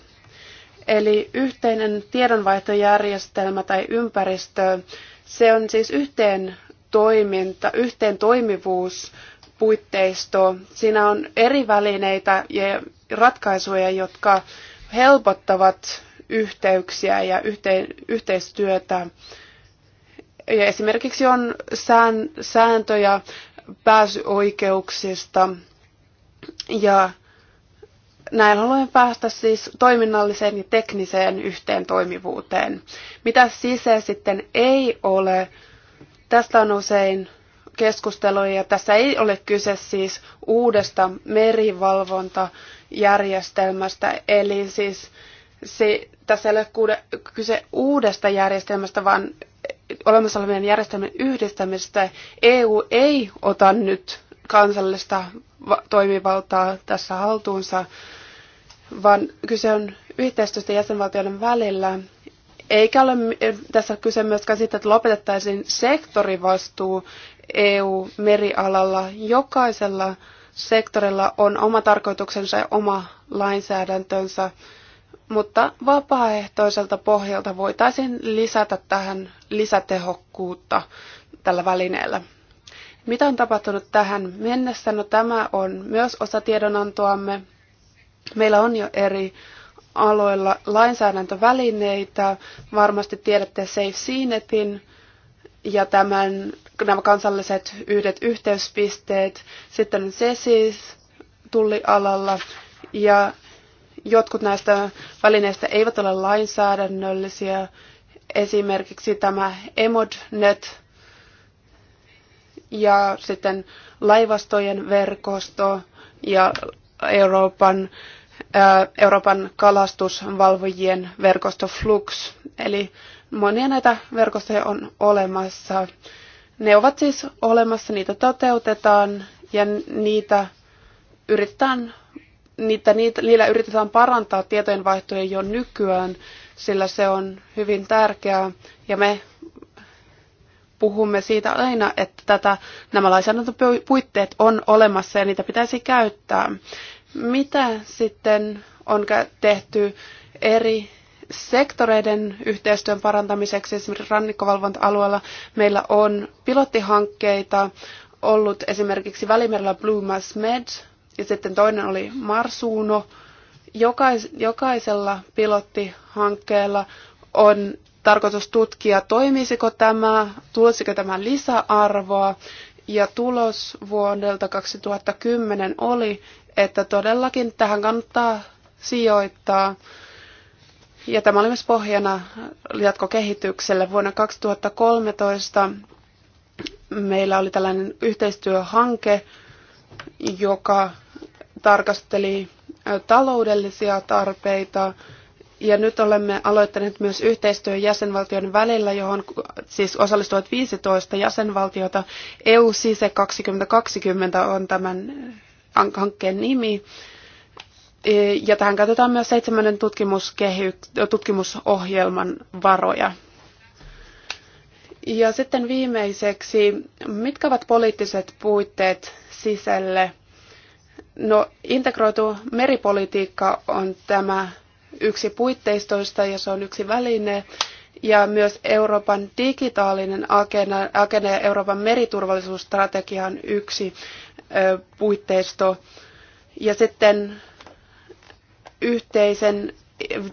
Eli yhteinen tiedonvaihtojärjestelmä tai ympäristö, se on siis yhteen toiminta, yhteen toimivuus, puitteisto. Siinä on eri välineitä ja ratkaisuja, jotka helpottavat yhteyksiä ja yhteen, yhteistyötä. Ja esimerkiksi on sään, sääntöjä pääsyoikeuksista ja näin haluamme päästä siis toiminnalliseen ja tekniseen yhteen toimivuuteen. Mitä sisä sitten ei ole, Tästä on usein ja Tässä ei ole kyse siis uudesta merivalvontajärjestelmästä, eli siis se, tässä ei ole kyse uudesta järjestelmästä, vaan olemassa olevien järjestelmien yhdistämisestä. EU ei ota nyt kansallista toimivaltaa tässä haltuunsa, vaan kyse on yhteistyöstä jäsenvaltioiden välillä. Eikä ole eh, tässä kyse myöskään siitä, että lopetettaisiin sektorivastuu EU-merialalla. Jokaisella sektorilla on oma tarkoituksensa ja oma lainsäädäntönsä, mutta vapaaehtoiselta pohjalta voitaisiin lisätä tähän lisätehokkuutta tällä välineellä. Mitä on tapahtunut tähän mennessä? No tämä on myös osa tiedonantoamme. Meillä on jo eri aloilla lainsäädäntövälineitä. Varmasti tiedätte Safe Seenetin ja tämän, nämä kansalliset yhdet yhteyspisteet. Sitten on CESIS tullialalla ja jotkut näistä välineistä eivät ole lainsäädännöllisiä. Esimerkiksi tämä EMODNET ja sitten laivastojen verkosto ja Euroopan Euroopan kalastusvalvojien verkosto Flux. Eli monia näitä verkostoja on olemassa. Ne ovat siis olemassa, niitä toteutetaan ja niitä yritetään, niitä, niitä, niillä yritetään parantaa tietojenvaihtoja jo nykyään, sillä se on hyvin tärkeää. Ja me puhumme siitä aina, että tätä, nämä lainsäädäntöpuitteet on olemassa ja niitä pitäisi käyttää. Mitä sitten on tehty eri sektoreiden yhteistyön parantamiseksi, esimerkiksi rannikkovalvonta-alueella meillä on pilottihankkeita ollut esimerkiksi Välimerellä Blue Mass Med ja sitten toinen oli Marsuuno. Jokais, jokaisella pilottihankkeella on tarkoitus tutkia, toimisiko tämä, tulisiko tämä lisäarvoa. Ja tulos vuodelta 2010 oli, että todellakin tähän kannattaa sijoittaa. Ja tämä oli myös pohjana jatkokehitykselle. Vuonna 2013 meillä oli tällainen yhteistyöhanke, joka tarkasteli taloudellisia tarpeita. Ja nyt olemme aloittaneet myös yhteistyön jäsenvaltioiden välillä, johon siis osallistuvat 15 jäsenvaltiota. EU-SISE 2020 on tämän hankkeen nimi. E, ja tähän käytetään myös seitsemännen tutkimusohjelman varoja. Ja sitten viimeiseksi, mitkä ovat poliittiset puitteet sisälle? No, integroitu meripolitiikka on tämä yksi puitteistoista ja se on yksi väline. Ja myös Euroopan digitaalinen agenda, agenda ja Euroopan meriturvallisuusstrategia on yksi puitteisto ja sitten yhteisen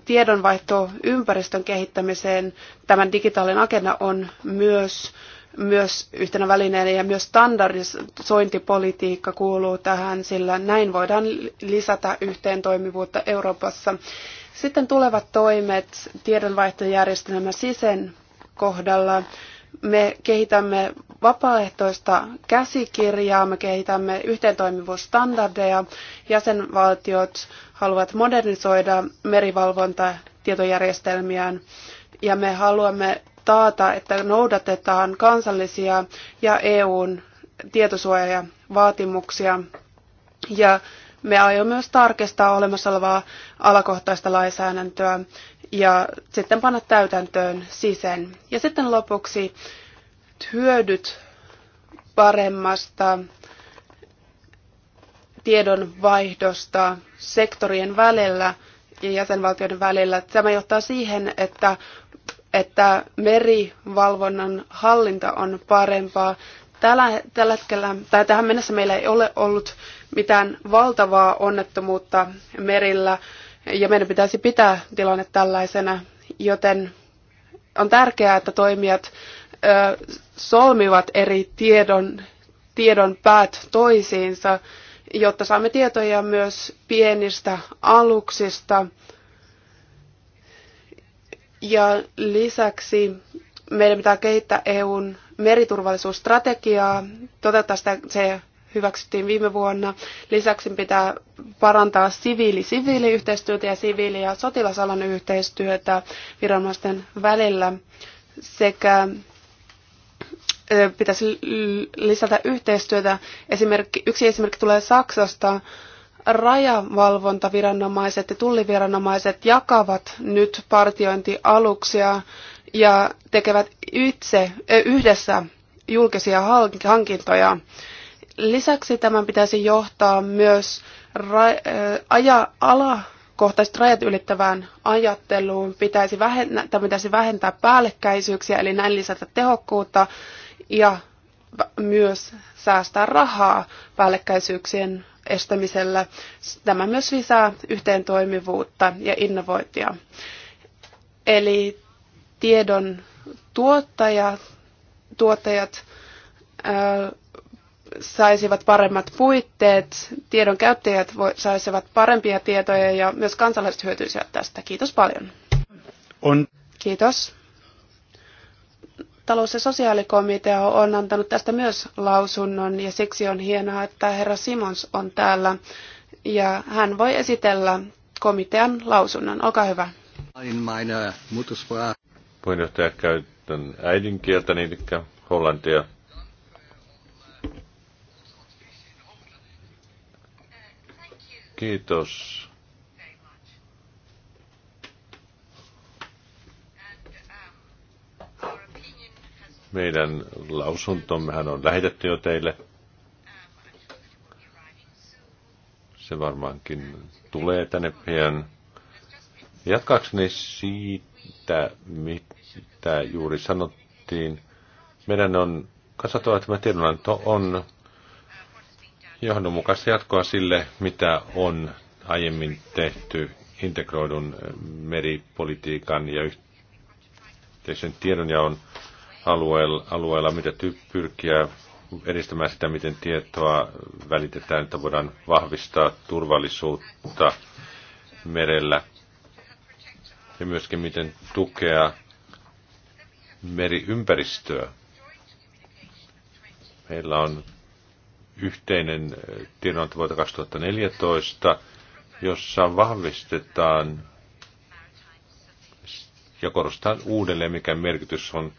tiedonvaihtoympäristön kehittämiseen tämän digitaalinen agenda on myös, myös yhtenä välineenä ja myös standardisointipolitiikka kuuluu tähän, sillä näin voidaan lisätä yhteen toimivuutta Euroopassa. Sitten tulevat toimet tiedonvaihtojärjestelmä sisen kohdalla. Me kehitämme vapaaehtoista käsikirjaa, me kehitämme yhteentoimivuusstandardeja, jäsenvaltiot haluavat modernisoida merivalvontatietojärjestelmiään ja me haluamme taata, että noudatetaan kansallisia ja EUn tietosuojavaatimuksia ja me aiomme myös tarkistaa olemassa olevaa alakohtaista lainsäädäntöä ja sitten panna täytäntöön sisen. Ja sitten lopuksi hyödyt paremmasta tiedonvaihdosta sektorien välillä ja jäsenvaltioiden välillä. Tämä johtaa siihen, että, että merivalvonnan hallinta on parempaa. Tällä, tällä hetkellä, tai tähän mennessä meillä ei ole ollut mitään valtavaa onnettomuutta merillä, ja meidän pitäisi pitää tilanne tällaisena, joten on tärkeää, että toimijat solmivat eri tiedon, tiedon päät toisiinsa, jotta saamme tietoja myös pienistä aluksista. Ja lisäksi meidän pitää kehittää EUn meriturvallisuusstrategiaa, toteuttaa sitä, se hyväksyttiin viime vuonna. Lisäksi pitää parantaa siviili-siviiliyhteistyötä ja siviili- ja sotilasalan yhteistyötä viranomaisten välillä sekä pitäisi lisätä yhteistyötä. Esimerkki, yksi esimerkki tulee Saksasta. Rajavalvontaviranomaiset ja tulliviranomaiset jakavat nyt partiointialuksia ja tekevät itse yhdessä julkisia hankintoja. Lisäksi tämän pitäisi johtaa myös ra- aja- alakohtaiset rajat ylittävään ajatteluun. Pitäisi vähentää, pitäisi vähentää päällekkäisyyksiä, eli näin lisätä tehokkuutta ja myös säästää rahaa päällekkäisyyksien estämisellä. Tämä myös lisää yhteen toimivuutta ja innovointia. Eli tiedon tuottajat, tuottajat saisivat paremmat puitteet, tiedon käyttäjät saisivat parempia tietoja ja myös kansalaiset hyötyisivät tästä. Kiitos paljon. On. Kiitos talous- ja sosiaalikomitea on antanut tästä myös lausunnon ja siksi on hienoa, että herra Simons on täällä ja hän voi esitellä komitean lausunnon. Olkaa hyvä. Puheenjohtaja käytän äidinkieltä, eli niin hollantia. Kiitos Meidän lausuntommehan on lähetetty jo teille. Se varmaankin tulee tänne pian. Jatkaakseni siitä, mitä juuri sanottiin. Meidän on katsottava, että tämä tiedonanto on johdonmukaista jatkoa sille, mitä on aiemmin tehty integroidun meripolitiikan ja yhteisen tiedonjaon alueella, alueella mitä pyrkiä edistämään sitä, miten tietoa välitetään, että voidaan vahvistaa turvallisuutta merellä ja myöskin miten tukea meriympäristöä. Meillä on yhteinen tiedonanto vuotta 2014, jossa vahvistetaan ja korostetaan uudelleen, mikä merkitys on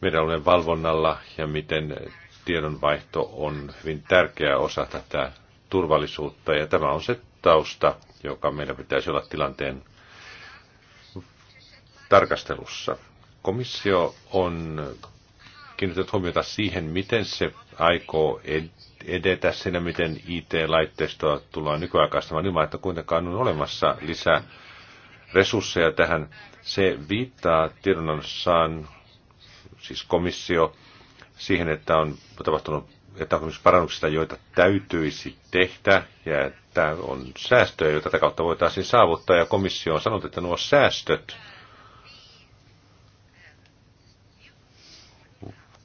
meidän valvonnalla ja miten tiedonvaihto on hyvin tärkeä osa tätä turvallisuutta. Ja tämä on se tausta, joka meidän pitäisi olla tilanteen tarkastelussa. Komissio on kiinnittänyt huomiota siihen, miten se aikoo edetä siinä, miten IT-laitteistoa tullaan nykyaikaistamaan ilman, että kuitenkaan on olemassa lisää resursseja tähän. Se viittaa tiedonannossaan siis komissio, siihen, että on tapahtunut että on parannuksista, joita täytyisi tehdä ja että on säästöjä, joita tätä kautta voitaisiin saavuttaa. Ja komissio on sanonut, että nuo säästöt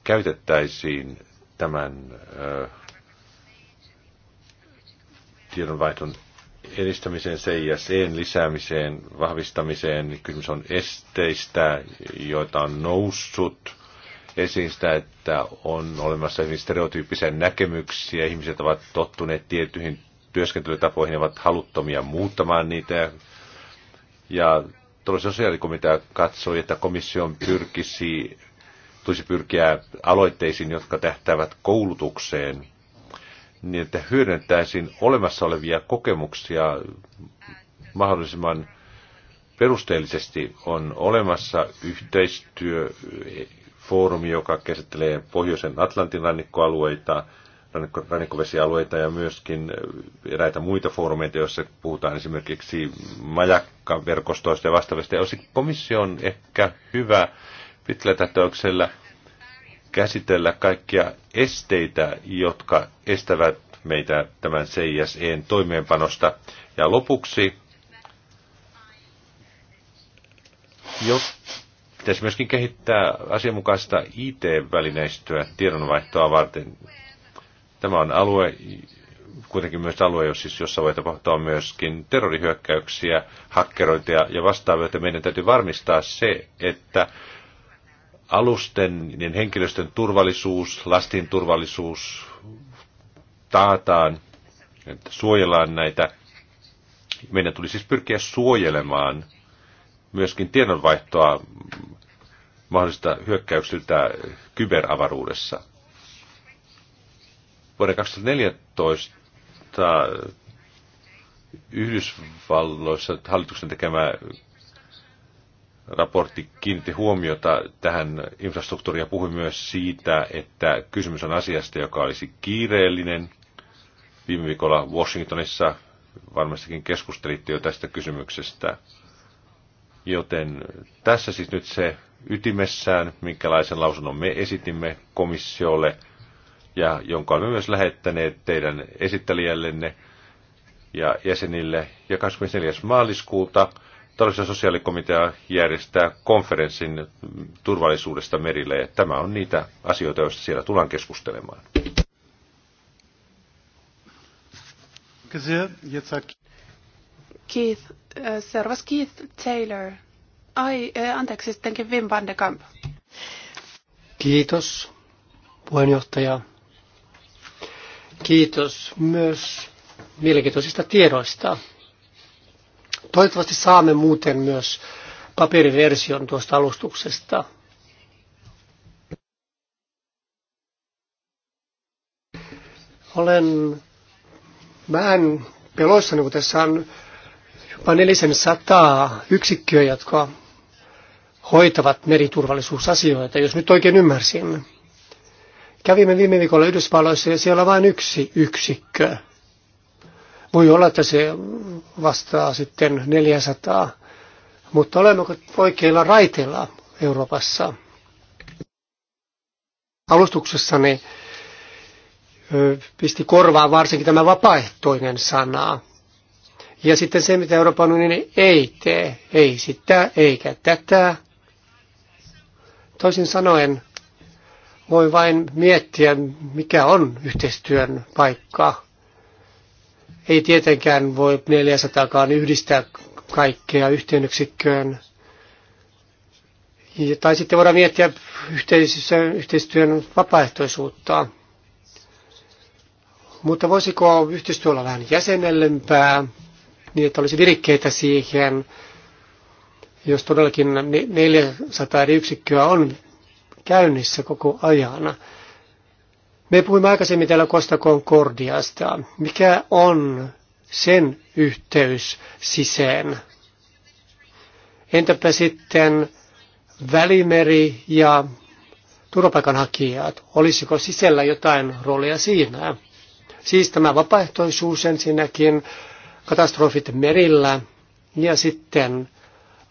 käytettäisiin tämän ö, tiedonvaihdon edistämiseen, CISEen lisäämiseen, vahvistamiseen. Kysymys on esteistä, joita on noussut esiin sitä, että on olemassa hyvin stereotyyppisiä näkemyksiä. Ihmiset ovat tottuneet tiettyihin työskentelytapoihin ja ovat haluttomia muuttamaan niitä. Ja tuollaisen sosiaalikomitea katsoi, että komission pyrkisi, tulisi pyrkiä aloitteisiin, jotka tähtäävät koulutukseen, niin että hyödyntäisiin olemassa olevia kokemuksia mahdollisimman perusteellisesti on olemassa yhteistyö foorumi, joka käsittelee pohjoisen Atlantin rannikkoalueita, rannikko, rannikkovesialueita ja myöskin eh, eräitä muita foorumeita, joissa puhutaan esimerkiksi majakkaverkostoista ja vastaavista. Ja olisi komission ehkä hyvä pitkällä käsitellä kaikkia esteitä, jotka estävät meitä tämän CISEn toimeenpanosta. Ja lopuksi, jotta Pitäisi myöskin kehittää asianmukaista IT-välineistöä tiedonvaihtoa varten. Tämä on alue, kuitenkin myös alue, siis jossa voi tapahtua myöskin terrorihyökkäyksiä, hakkerointia ja vastaavia, joten meidän täytyy varmistaa se, että alusten niin henkilöstön turvallisuus, lastin turvallisuus taataan, että suojellaan näitä. Meidän tuli siis pyrkiä suojelemaan myöskin tiedonvaihtoa mahdollisilta hyökkäyksiltä kyberavaruudessa. Vuoden 2014 Yhdysvalloissa hallituksen tekemä raportti kiinnitti huomiota tähän infrastruktuuriin ja puhui myös siitä, että kysymys on asiasta, joka olisi kiireellinen. Viime viikolla Washingtonissa varmastikin keskustelitte jo tästä kysymyksestä. Joten tässä siis nyt se ytimessään, minkälaisen lausunnon me esitimme komissiolle ja jonka olemme myös lähettäneet teidän esittelijällenne ja jäsenille. Ja 24. maaliskuuta talous- ja sosiaalikomitea järjestää konferenssin turvallisuudesta merille. Ja tämä on niitä asioita, joista siellä tullaan keskustelemaan. Keith, äh, seuraavaksi Keith Taylor Ai, anteeksi sittenkin Wim van de Kamp. Kiitos, puheenjohtaja. Kiitos myös mielenkiintoisista tiedoista. Toivottavasti saamme muuten myös paperiversion tuosta alustuksesta. Olen vähän peloissani, kun tässä on jopa 400 yksikköä, jotka hoitavat meriturvallisuusasioita, jos nyt oikein ymmärsimme. Kävimme viime viikolla Yhdysvalloissa ja siellä on vain yksi yksikkö. Voi olla, että se vastaa sitten 400, mutta olemmeko oikeilla raiteilla Euroopassa? Alustuksessani pisti korvaan varsinkin tämä vapaaehtoinen sana. Ja sitten se, mitä Euroopan unioni ei tee, ei sitä eikä tätä, Toisin sanoen, voi vain miettiä, mikä on yhteistyön paikka. Ei tietenkään voi 400kaan yhdistää kaikkea yhteen yksikköön. Tai sitten voidaan miettiä yhteistyön vapaaehtoisuutta. Mutta voisiko yhteistyö olla vähän jäsenellempää, niin että olisi virikkeitä siihen, jos todellakin 400 eri yksikköä on käynnissä koko ajan. Me puhuimme aikaisemmin täällä Costa Concordiasta. Mikä on sen yhteys sisään? Entäpä sitten välimeri ja turvapaikanhakijat? Olisiko sisällä jotain roolia siinä? Siis tämä vapaaehtoisuus ensinnäkin, katastrofit merillä ja sitten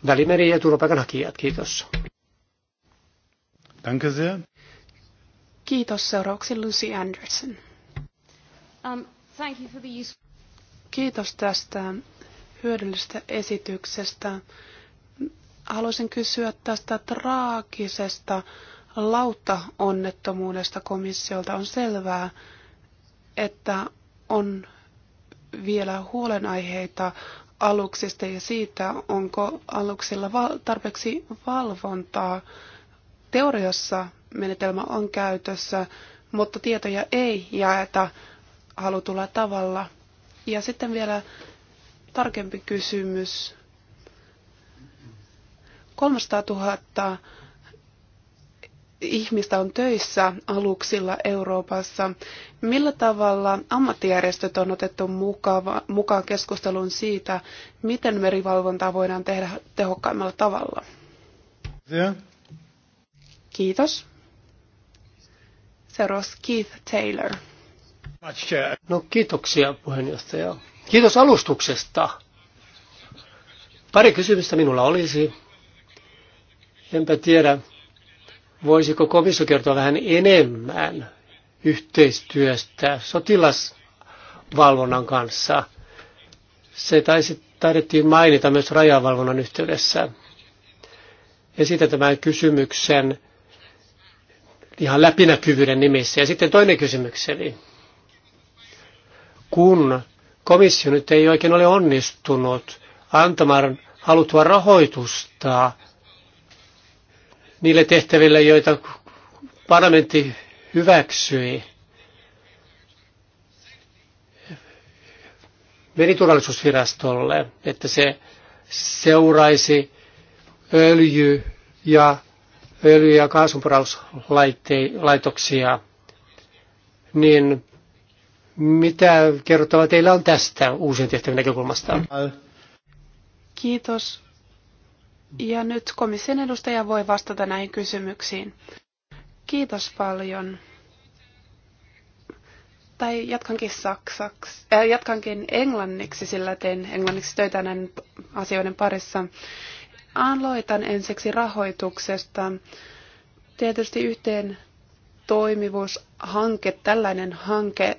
Välimeri- ja turvapaikanhakijat. Kiitos. Danke sehr. Kiitos. Seuraavaksi Lucy Anderson. Um, thank you for Kiitos tästä hyödyllisestä esityksestä. Haluaisin kysyä tästä traagisesta lautta-onnettomuudesta komissiolta. On selvää, että on vielä huolenaiheita aluksista ja siitä, onko aluksilla tarpeeksi valvontaa. Teoriassa menetelmä on käytössä, mutta tietoja ei jaeta halutulla tavalla. Ja sitten vielä tarkempi kysymys. 300 000 ihmistä on töissä aluksilla Euroopassa. Millä tavalla ammattijärjestöt on otettu mukava, mukaan keskusteluun siitä, miten merivalvontaa voidaan tehdä tehokkaimmalla tavalla? Yeah. Kiitos. Seuraavaksi Keith Taylor. No kiitoksia puheenjohtaja. Kiitos alustuksesta. Pari kysymystä minulla olisi. Enpä tiedä, Voisiko komissio kertoa vähän enemmän yhteistyöstä sotilasvalvonnan kanssa? Se taisi, taidettiin mainita myös rajavalvonnan yhteydessä. Esitän tämän kysymyksen ihan läpinäkyvyyden nimissä. Ja sitten toinen kysymykseni. Kun komissio nyt ei oikein ole onnistunut antamaan haluttua rahoitusta niille tehtäville, joita parlamentti hyväksyi. meriturvallisuusvirastolle, että se seuraisi öljy- ja öljy- ja kaasunporauslaitoksia, niin mitä kerrottavaa teillä on tästä uusien tehtävien näkökulmasta? Kiitos. Ja nyt komission edustaja voi vastata näihin kysymyksiin. Kiitos paljon. Tai jatkankin saksaksi, äh, jatkankin englanniksi, sillä teen englanniksi töitä näiden asioiden parissa. Aloitan ensiksi rahoituksesta. Tietysti yhteen toimivuushanke, tällainen hanke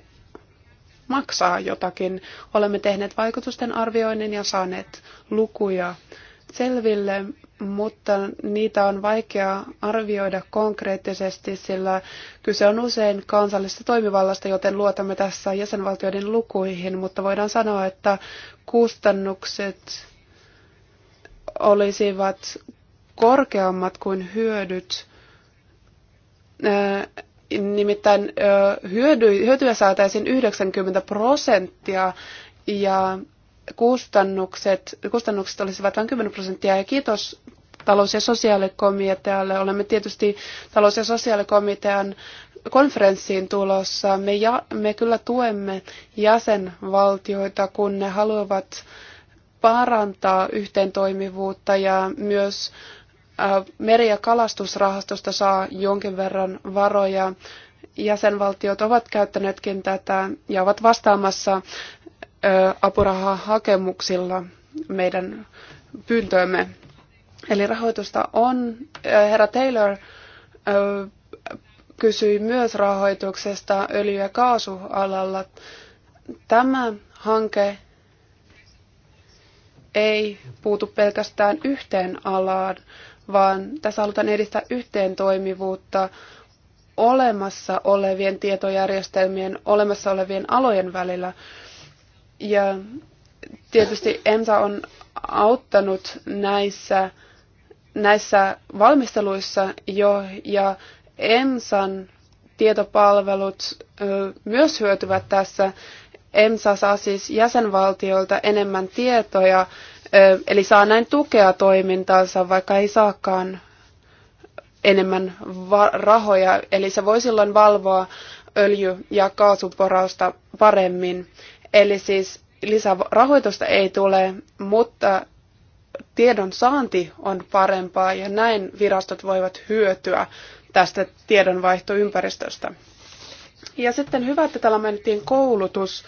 maksaa jotakin. Olemme tehneet vaikutusten arvioinnin ja saaneet lukuja selville, mutta niitä on vaikea arvioida konkreettisesti, sillä kyse on usein kansallisesta toimivallasta, joten luotamme tässä jäsenvaltioiden lukuihin, mutta voidaan sanoa, että kustannukset olisivat korkeammat kuin hyödyt. Äh, nimittäin hyötyä saataisiin 90 prosenttia ja kustannukset, kustannukset olisivat vain 10 prosenttia. Ja kiitos talous- ja sosiaalikomitealle. Olemme tietysti talous- ja sosiaalikomitean konferenssiin tulossa. Me, ja, me kyllä tuemme jäsenvaltioita, kun ne haluavat parantaa yhteentoimivuutta ja myös äh, meri- ja kalastusrahastosta saa jonkin verran varoja. Jäsenvaltiot ovat käyttäneetkin tätä ja ovat vastaamassa apurahahakemuksilla meidän pyyntöömme. Eli rahoitusta on. Herra Taylor kysyi myös rahoituksesta öljy- ja kaasualalla. Tämä hanke ei puutu pelkästään yhteen alaan, vaan tässä halutaan edistää yhteen toimivuutta olemassa olevien tietojärjestelmien, olemassa olevien alojen välillä. Ja tietysti EMSA on auttanut näissä, näissä valmisteluissa jo, ja EMSAn tietopalvelut myös hyötyvät tässä. EMSA saa siis jäsenvaltioilta enemmän tietoja, eli saa näin tukea toimintaansa, vaikka ei saakaan enemmän rahoja, eli se voi silloin valvoa öljy- ja kaasuporausta paremmin. Eli siis lisärahoitusta ei tule, mutta tiedon saanti on parempaa ja näin virastot voivat hyötyä tästä tiedonvaihtoympäristöstä. Ja sitten hyvä, että täällä mainittiin koulutus.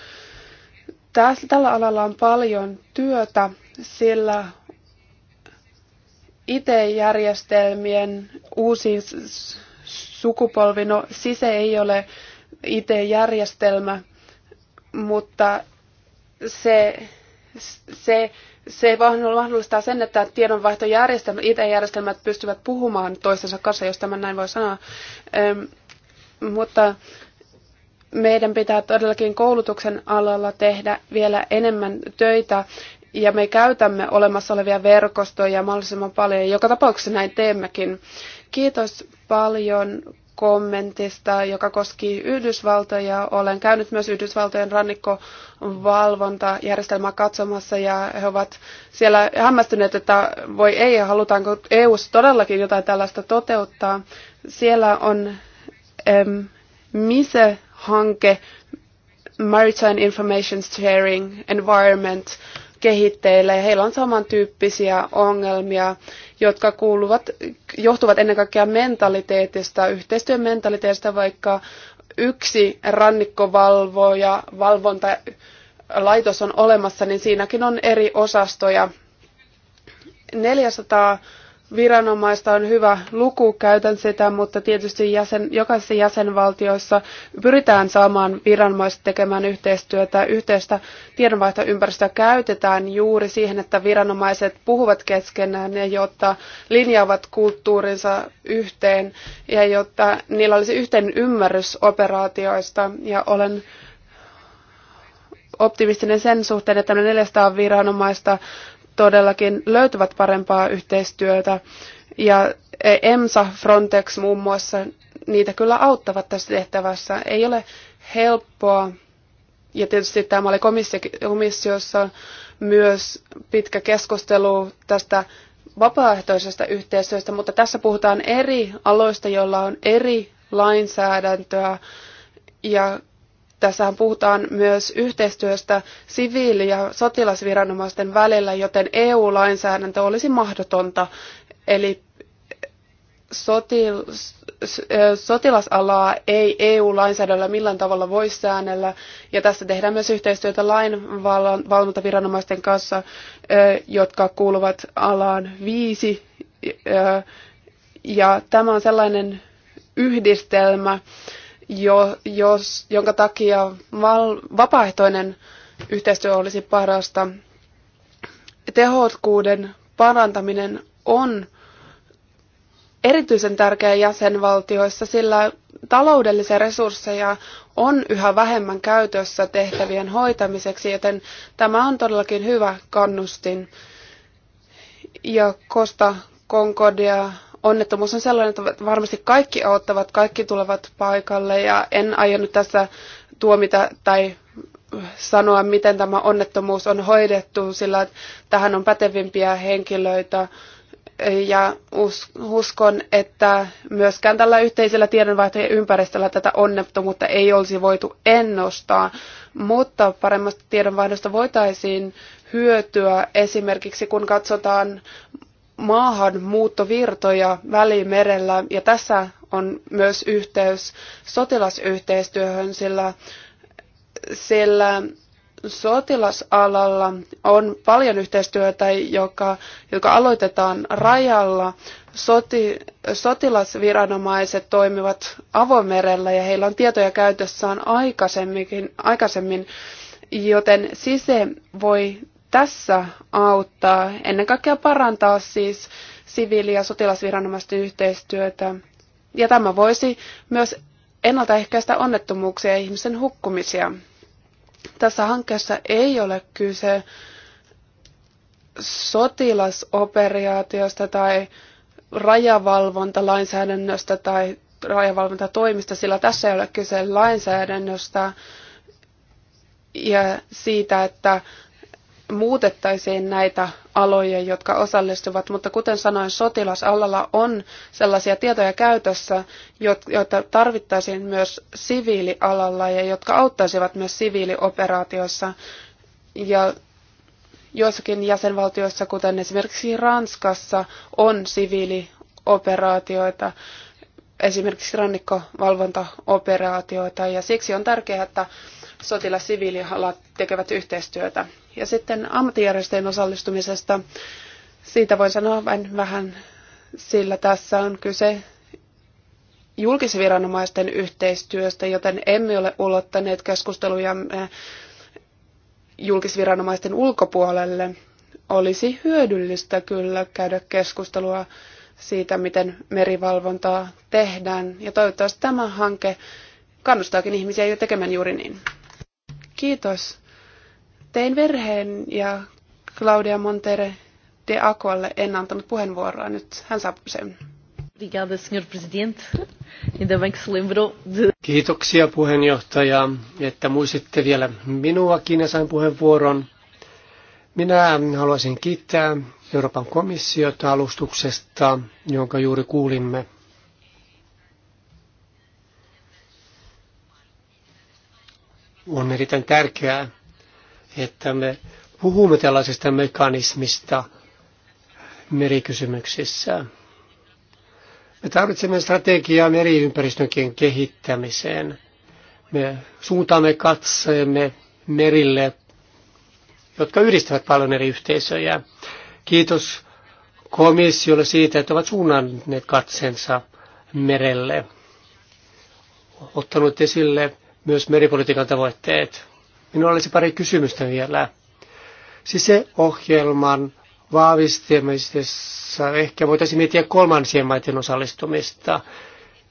Tällä alalla on paljon työtä, sillä IT-järjestelmien uusi sukupolvi, no SISE ei ole IT-järjestelmä, mutta se, se, se mahdollistaa sen, että tiedonvaihtojärjestelmät, IT-järjestelmät pystyvät puhumaan toistensa kanssa, jos tämän näin voi sanoa. Ähm, mutta meidän pitää todellakin koulutuksen alalla tehdä vielä enemmän töitä ja me käytämme olemassa olevia verkostoja mahdollisimman paljon. Joka tapauksessa näin teemmekin. Kiitos paljon kommentista, joka koski Yhdysvaltoja. Olen käynyt myös Yhdysvaltojen rannikkovalvontajärjestelmää katsomassa ja he ovat siellä hämmästyneet, että voi ei, halutaanko eu todellakin jotain tällaista toteuttaa. Siellä on äm, MISE-hanke, Maritime Information Sharing Environment, kehitteillä ja heillä on samantyyppisiä ongelmia jotka kuuluvat, johtuvat ennen kaikkea mentaliteetista, yhteistyön mentaliteetista, vaikka yksi rannikkovalvoja, valvontalaitos on olemassa, niin siinäkin on eri osastoja. 400 viranomaista on hyvä luku, käytän sitä, mutta tietysti jäsen, jokaisessa jäsenvaltiossa pyritään saamaan viranomaiset tekemään yhteistyötä. Yhteistä tiedonvaihtoympäristöä käytetään juuri siihen, että viranomaiset puhuvat keskenään ja jotta linjaavat kulttuurinsa yhteen ja jotta niillä olisi yhteinen ymmärrys operaatioista. Ja olen optimistinen sen suhteen, että 400 viranomaista todellakin löytävät parempaa yhteistyötä. Ja EMSA, Frontex muun muassa, niitä kyllä auttavat tässä tehtävässä. Ei ole helppoa. Ja tietysti tämä oli komissiossa myös pitkä keskustelu tästä vapaaehtoisesta yhteistyöstä, mutta tässä puhutaan eri aloista, joilla on eri lainsäädäntöä ja Tässähän puhutaan myös yhteistyöstä siviili- ja sotilasviranomaisten välillä, joten EU-lainsäädäntö olisi mahdotonta. Eli sotilasalaa ei EU-lainsäädännöllä millään tavalla voi säännellä, ja tässä tehdään myös yhteistyötä lainvalvontaviranomaisten kanssa, jotka kuuluvat alaan viisi, ja tämä on sellainen yhdistelmä, jo, jos, jonka takia val, vapaaehtoinen yhteistyö olisi parasta. Tehokkuuden parantaminen on erityisen tärkeä jäsenvaltioissa, sillä taloudellisia resursseja on yhä vähemmän käytössä tehtävien hoitamiseksi, joten tämä on todellakin hyvä kannustin. Ja Kosta Concordia onnettomuus on sellainen, että varmasti kaikki auttavat, kaikki tulevat paikalle ja en aio nyt tässä tuomita tai sanoa, miten tämä onnettomuus on hoidettu, sillä tähän on pätevimpiä henkilöitä ja uskon, että myöskään tällä yhteisellä tiedonvaihtojen ympäristöllä tätä onnettomuutta ei olisi voitu ennustaa, mutta paremmasta tiedonvaihdosta voitaisiin hyötyä esimerkiksi kun katsotaan maahanmuuttovirtoja Välimerellä ja tässä on myös yhteys sotilasyhteistyöhön, sillä, sillä sotilasalalla on paljon yhteistyötä, joka, joka aloitetaan rajalla. Soti, sotilasviranomaiset toimivat avomerellä ja heillä on tietoja käytössään aikaisemmin, joten SISE voi tässä auttaa, ennen kaikkea parantaa siis siviili- ja sotilasviranomaisten yhteistyötä. Ja tämä voisi myös ennaltaehkäistä onnettomuuksia ja ihmisen hukkumisia. Tässä hankkeessa ei ole kyse sotilasoperaatiosta tai rajavalvontalainsäädännöstä tai rajavalvontatoimista, sillä tässä ei ole kyse lainsäädännöstä ja siitä, että muutettaisiin näitä aloja, jotka osallistuvat, mutta kuten sanoin, sotilasalalla on sellaisia tietoja käytössä, joita tarvittaisiin myös siviilialalla ja jotka auttaisivat myös siviilioperaatioissa. Ja joissakin jäsenvaltioissa, kuten esimerkiksi Ranskassa, on siviilioperaatioita, esimerkiksi rannikkovalvontaoperaatioita, ja siksi on tärkeää, että sotilas-siviilialat tekevät yhteistyötä. Ja sitten ammattijärjestöjen osallistumisesta, siitä voin sanoa vain vähän, sillä tässä on kyse julkisviranomaisten yhteistyöstä, joten emme ole ulottaneet keskusteluja eh, julkisviranomaisten ulkopuolelle. Olisi hyödyllistä kyllä käydä keskustelua siitä, miten merivalvontaa tehdään. Ja toivottavasti tämä hanke kannustaakin ihmisiä jo tekemään juuri niin. Kiitos. Tein verheen ja Claudia Montere de Acolle en antanut puheenvuoroa. Nyt hän saa sen. Obrigada, senhor presidente. Ainda bem que se lembrou de... Kiitoksia puheenjohtaja, että muistitte vielä minuakin ja sain puheenvuoron. Minä haluaisin kiittää Euroopan komissiota alustuksesta, jonka juuri kuulimme. On erittäin tärkeää, että me puhumme tällaisesta mekanismista merikysymyksissä. Me tarvitsemme strategiaa meriympäristönkin kehittämiseen. Me suuntaamme katseemme merille, jotka yhdistävät paljon eri yhteisöjä. Kiitos komissiolle siitä, että ovat suunnanneet katsensa merelle. Ottanut esille myös meripolitiikan tavoitteet. Minulla olisi pari kysymystä vielä. Siseohjelman vahvistamisessa ehkä voitaisiin miettiä kolmansien maiden osallistumista.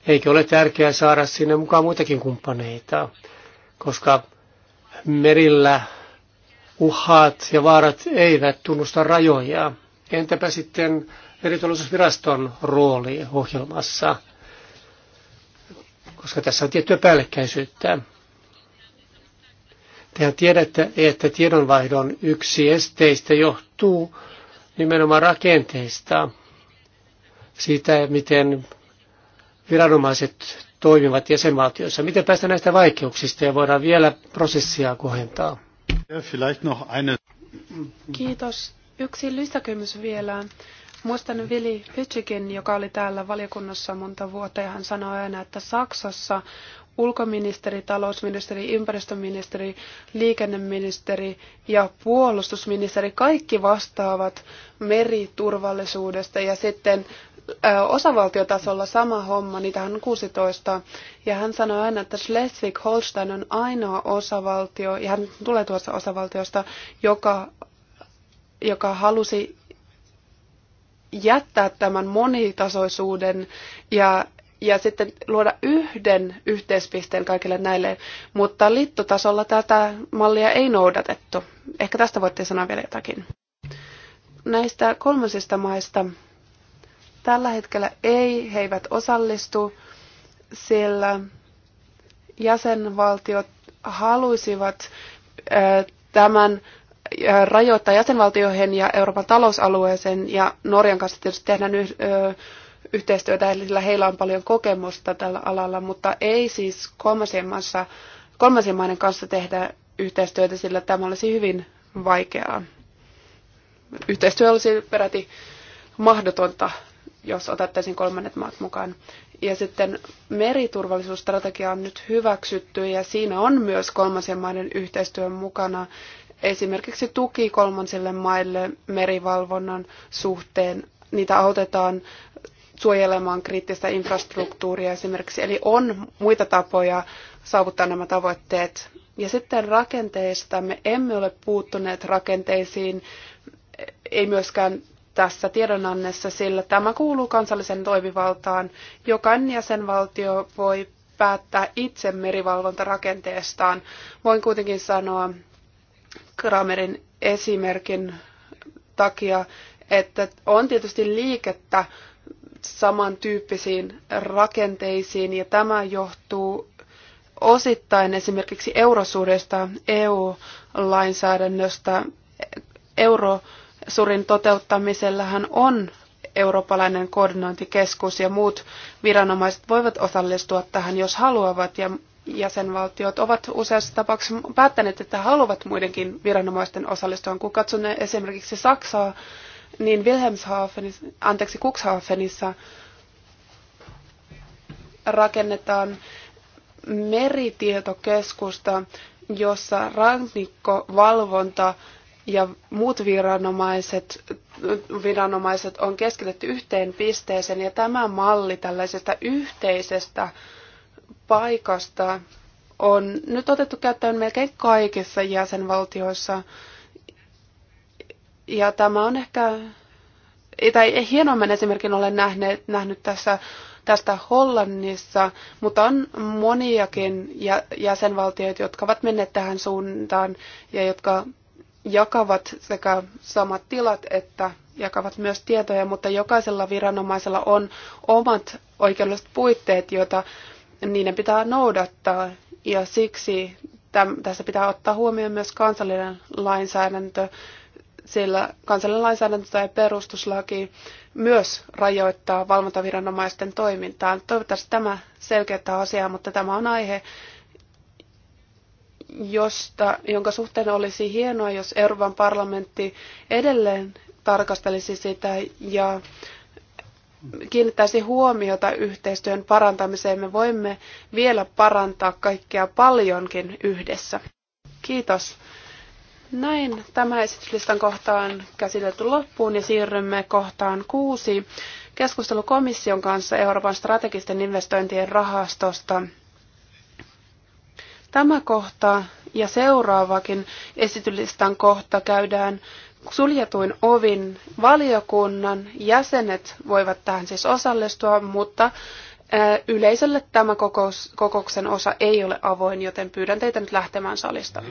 Eikö ole tärkeää saada sinne mukaan muitakin kumppaneita, koska merillä uhat ja vaarat eivät tunnusta rajoja. Entäpä sitten meriturvallisuusviraston rooli ohjelmassa, koska tässä on tiettyä päällekkäisyyttä. Tehän tiedätte, että tiedonvaihdon yksi esteistä johtuu nimenomaan rakenteista, siitä miten viranomaiset toimivat jäsenvaltioissa. Miten päästä näistä vaikeuksista ja voidaan vielä prosessia kohentaa? Kiitos. Yksi lisäkysymys vielä. Muistan Vili Fitchikin, joka oli täällä valiokunnassa monta vuotta, ja hän sanoi aina, että Saksassa ulkoministeri, talousministeri, ympäristöministeri, liikenneministeri ja puolustusministeri, kaikki vastaavat meriturvallisuudesta ja sitten osavaltiotasolla sama homma, niitä on 16. Ja hän sanoi aina, että Schleswig-Holstein on ainoa osavaltio, ja hän tulee tuossa osavaltiosta, joka, joka halusi jättää tämän monitasoisuuden ja ja sitten luoda yhden yhteispisteen kaikille näille, mutta liittotasolla tätä mallia ei noudatettu. Ehkä tästä voitte sanoa vielä jotakin. Näistä kolmansista maista tällä hetkellä ei, he eivät osallistu, sillä jäsenvaltiot halusivat tämän rajoittaa jäsenvaltioihin ja Euroopan talousalueeseen, ja Norjan kanssa tietysti tehdään yhteistyötä, sillä heillä on paljon kokemusta tällä alalla, mutta ei siis kolmansien maiden kanssa tehdä yhteistyötä, sillä tämä olisi hyvin vaikeaa. Yhteistyö olisi peräti mahdotonta, jos otettaisiin kolmannet maat mukaan. Ja sitten meriturvallisuusstrategia on nyt hyväksytty ja siinä on myös kolmansien maiden yhteistyön mukana esimerkiksi tuki kolmansille maille merivalvonnan suhteen. Niitä autetaan suojelemaan kriittistä infrastruktuuria esimerkiksi. Eli on muita tapoja saavuttaa nämä tavoitteet. Ja sitten rakenteista. Me emme ole puuttuneet rakenteisiin, ei myöskään tässä tiedonannessa, sillä tämä kuuluu kansallisen toimivaltaan. Jokainen jäsenvaltio voi päättää itse merivalvontarakenteestaan. Voin kuitenkin sanoa Kramerin esimerkin takia, että on tietysti liikettä samantyyppisiin rakenteisiin ja tämä johtuu osittain esimerkiksi eurosuudesta EU-lainsäädännöstä. Eurosurin toteuttamisellähän on eurooppalainen koordinointikeskus ja muut viranomaiset voivat osallistua tähän, jos haluavat ja jäsenvaltiot ovat useassa tapauksessa päättäneet, että haluavat muidenkin viranomaisten osallistua. Kun katson esimerkiksi Saksaa, niin Wilhelmshavenissa, anteeksi, Cuxhavenissa rakennetaan meritietokeskusta, jossa rannikkovalvonta ja muut viranomaiset, viranomaiset on keskitetty yhteen pisteeseen ja tämä malli tällaisesta yhteisestä paikasta on nyt otettu käyttöön melkein kaikissa jäsenvaltioissa. Ja tämä on ehkä, tai hienomman esimerkin olen nähnyt, nähnyt tässä, tästä Hollannissa, mutta on moniakin jäsenvaltioita, jotka ovat menneet tähän suuntaan ja jotka jakavat sekä samat tilat että jakavat myös tietoja, mutta jokaisella viranomaisella on omat oikeudelliset puitteet, joita niiden pitää noudattaa. Ja siksi tässä pitää ottaa huomioon myös kansallinen lainsäädäntö sillä kansallinen lainsäädäntö tai perustuslaki myös rajoittaa valvontaviranomaisten toimintaa. Toivottavasti tämä selkeyttää asiaa, mutta tämä on aihe, josta, jonka suhteen olisi hienoa, jos Euroopan parlamentti edelleen tarkastelisi sitä ja kiinnittäisi huomiota yhteistyön parantamiseen. Me voimme vielä parantaa kaikkea paljonkin yhdessä. Kiitos. Näin tämä esityslistan kohtaan käsitelty loppuun ja siirrymme kohtaan kuusi. Keskustelu komission kanssa Euroopan strategisten investointien rahastosta. Tämä kohta ja seuraavakin esityslistan kohta käydään suljetuin ovin valiokunnan. Jäsenet voivat tähän siis osallistua, mutta äh, yleisölle tämä kokouksen osa ei ole avoin, joten pyydän teitä nyt lähtemään salista.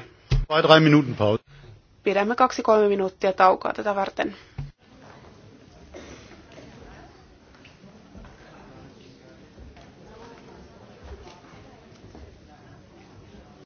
Pidämme kaksi-kolme minuuttia taukoa tätä varten.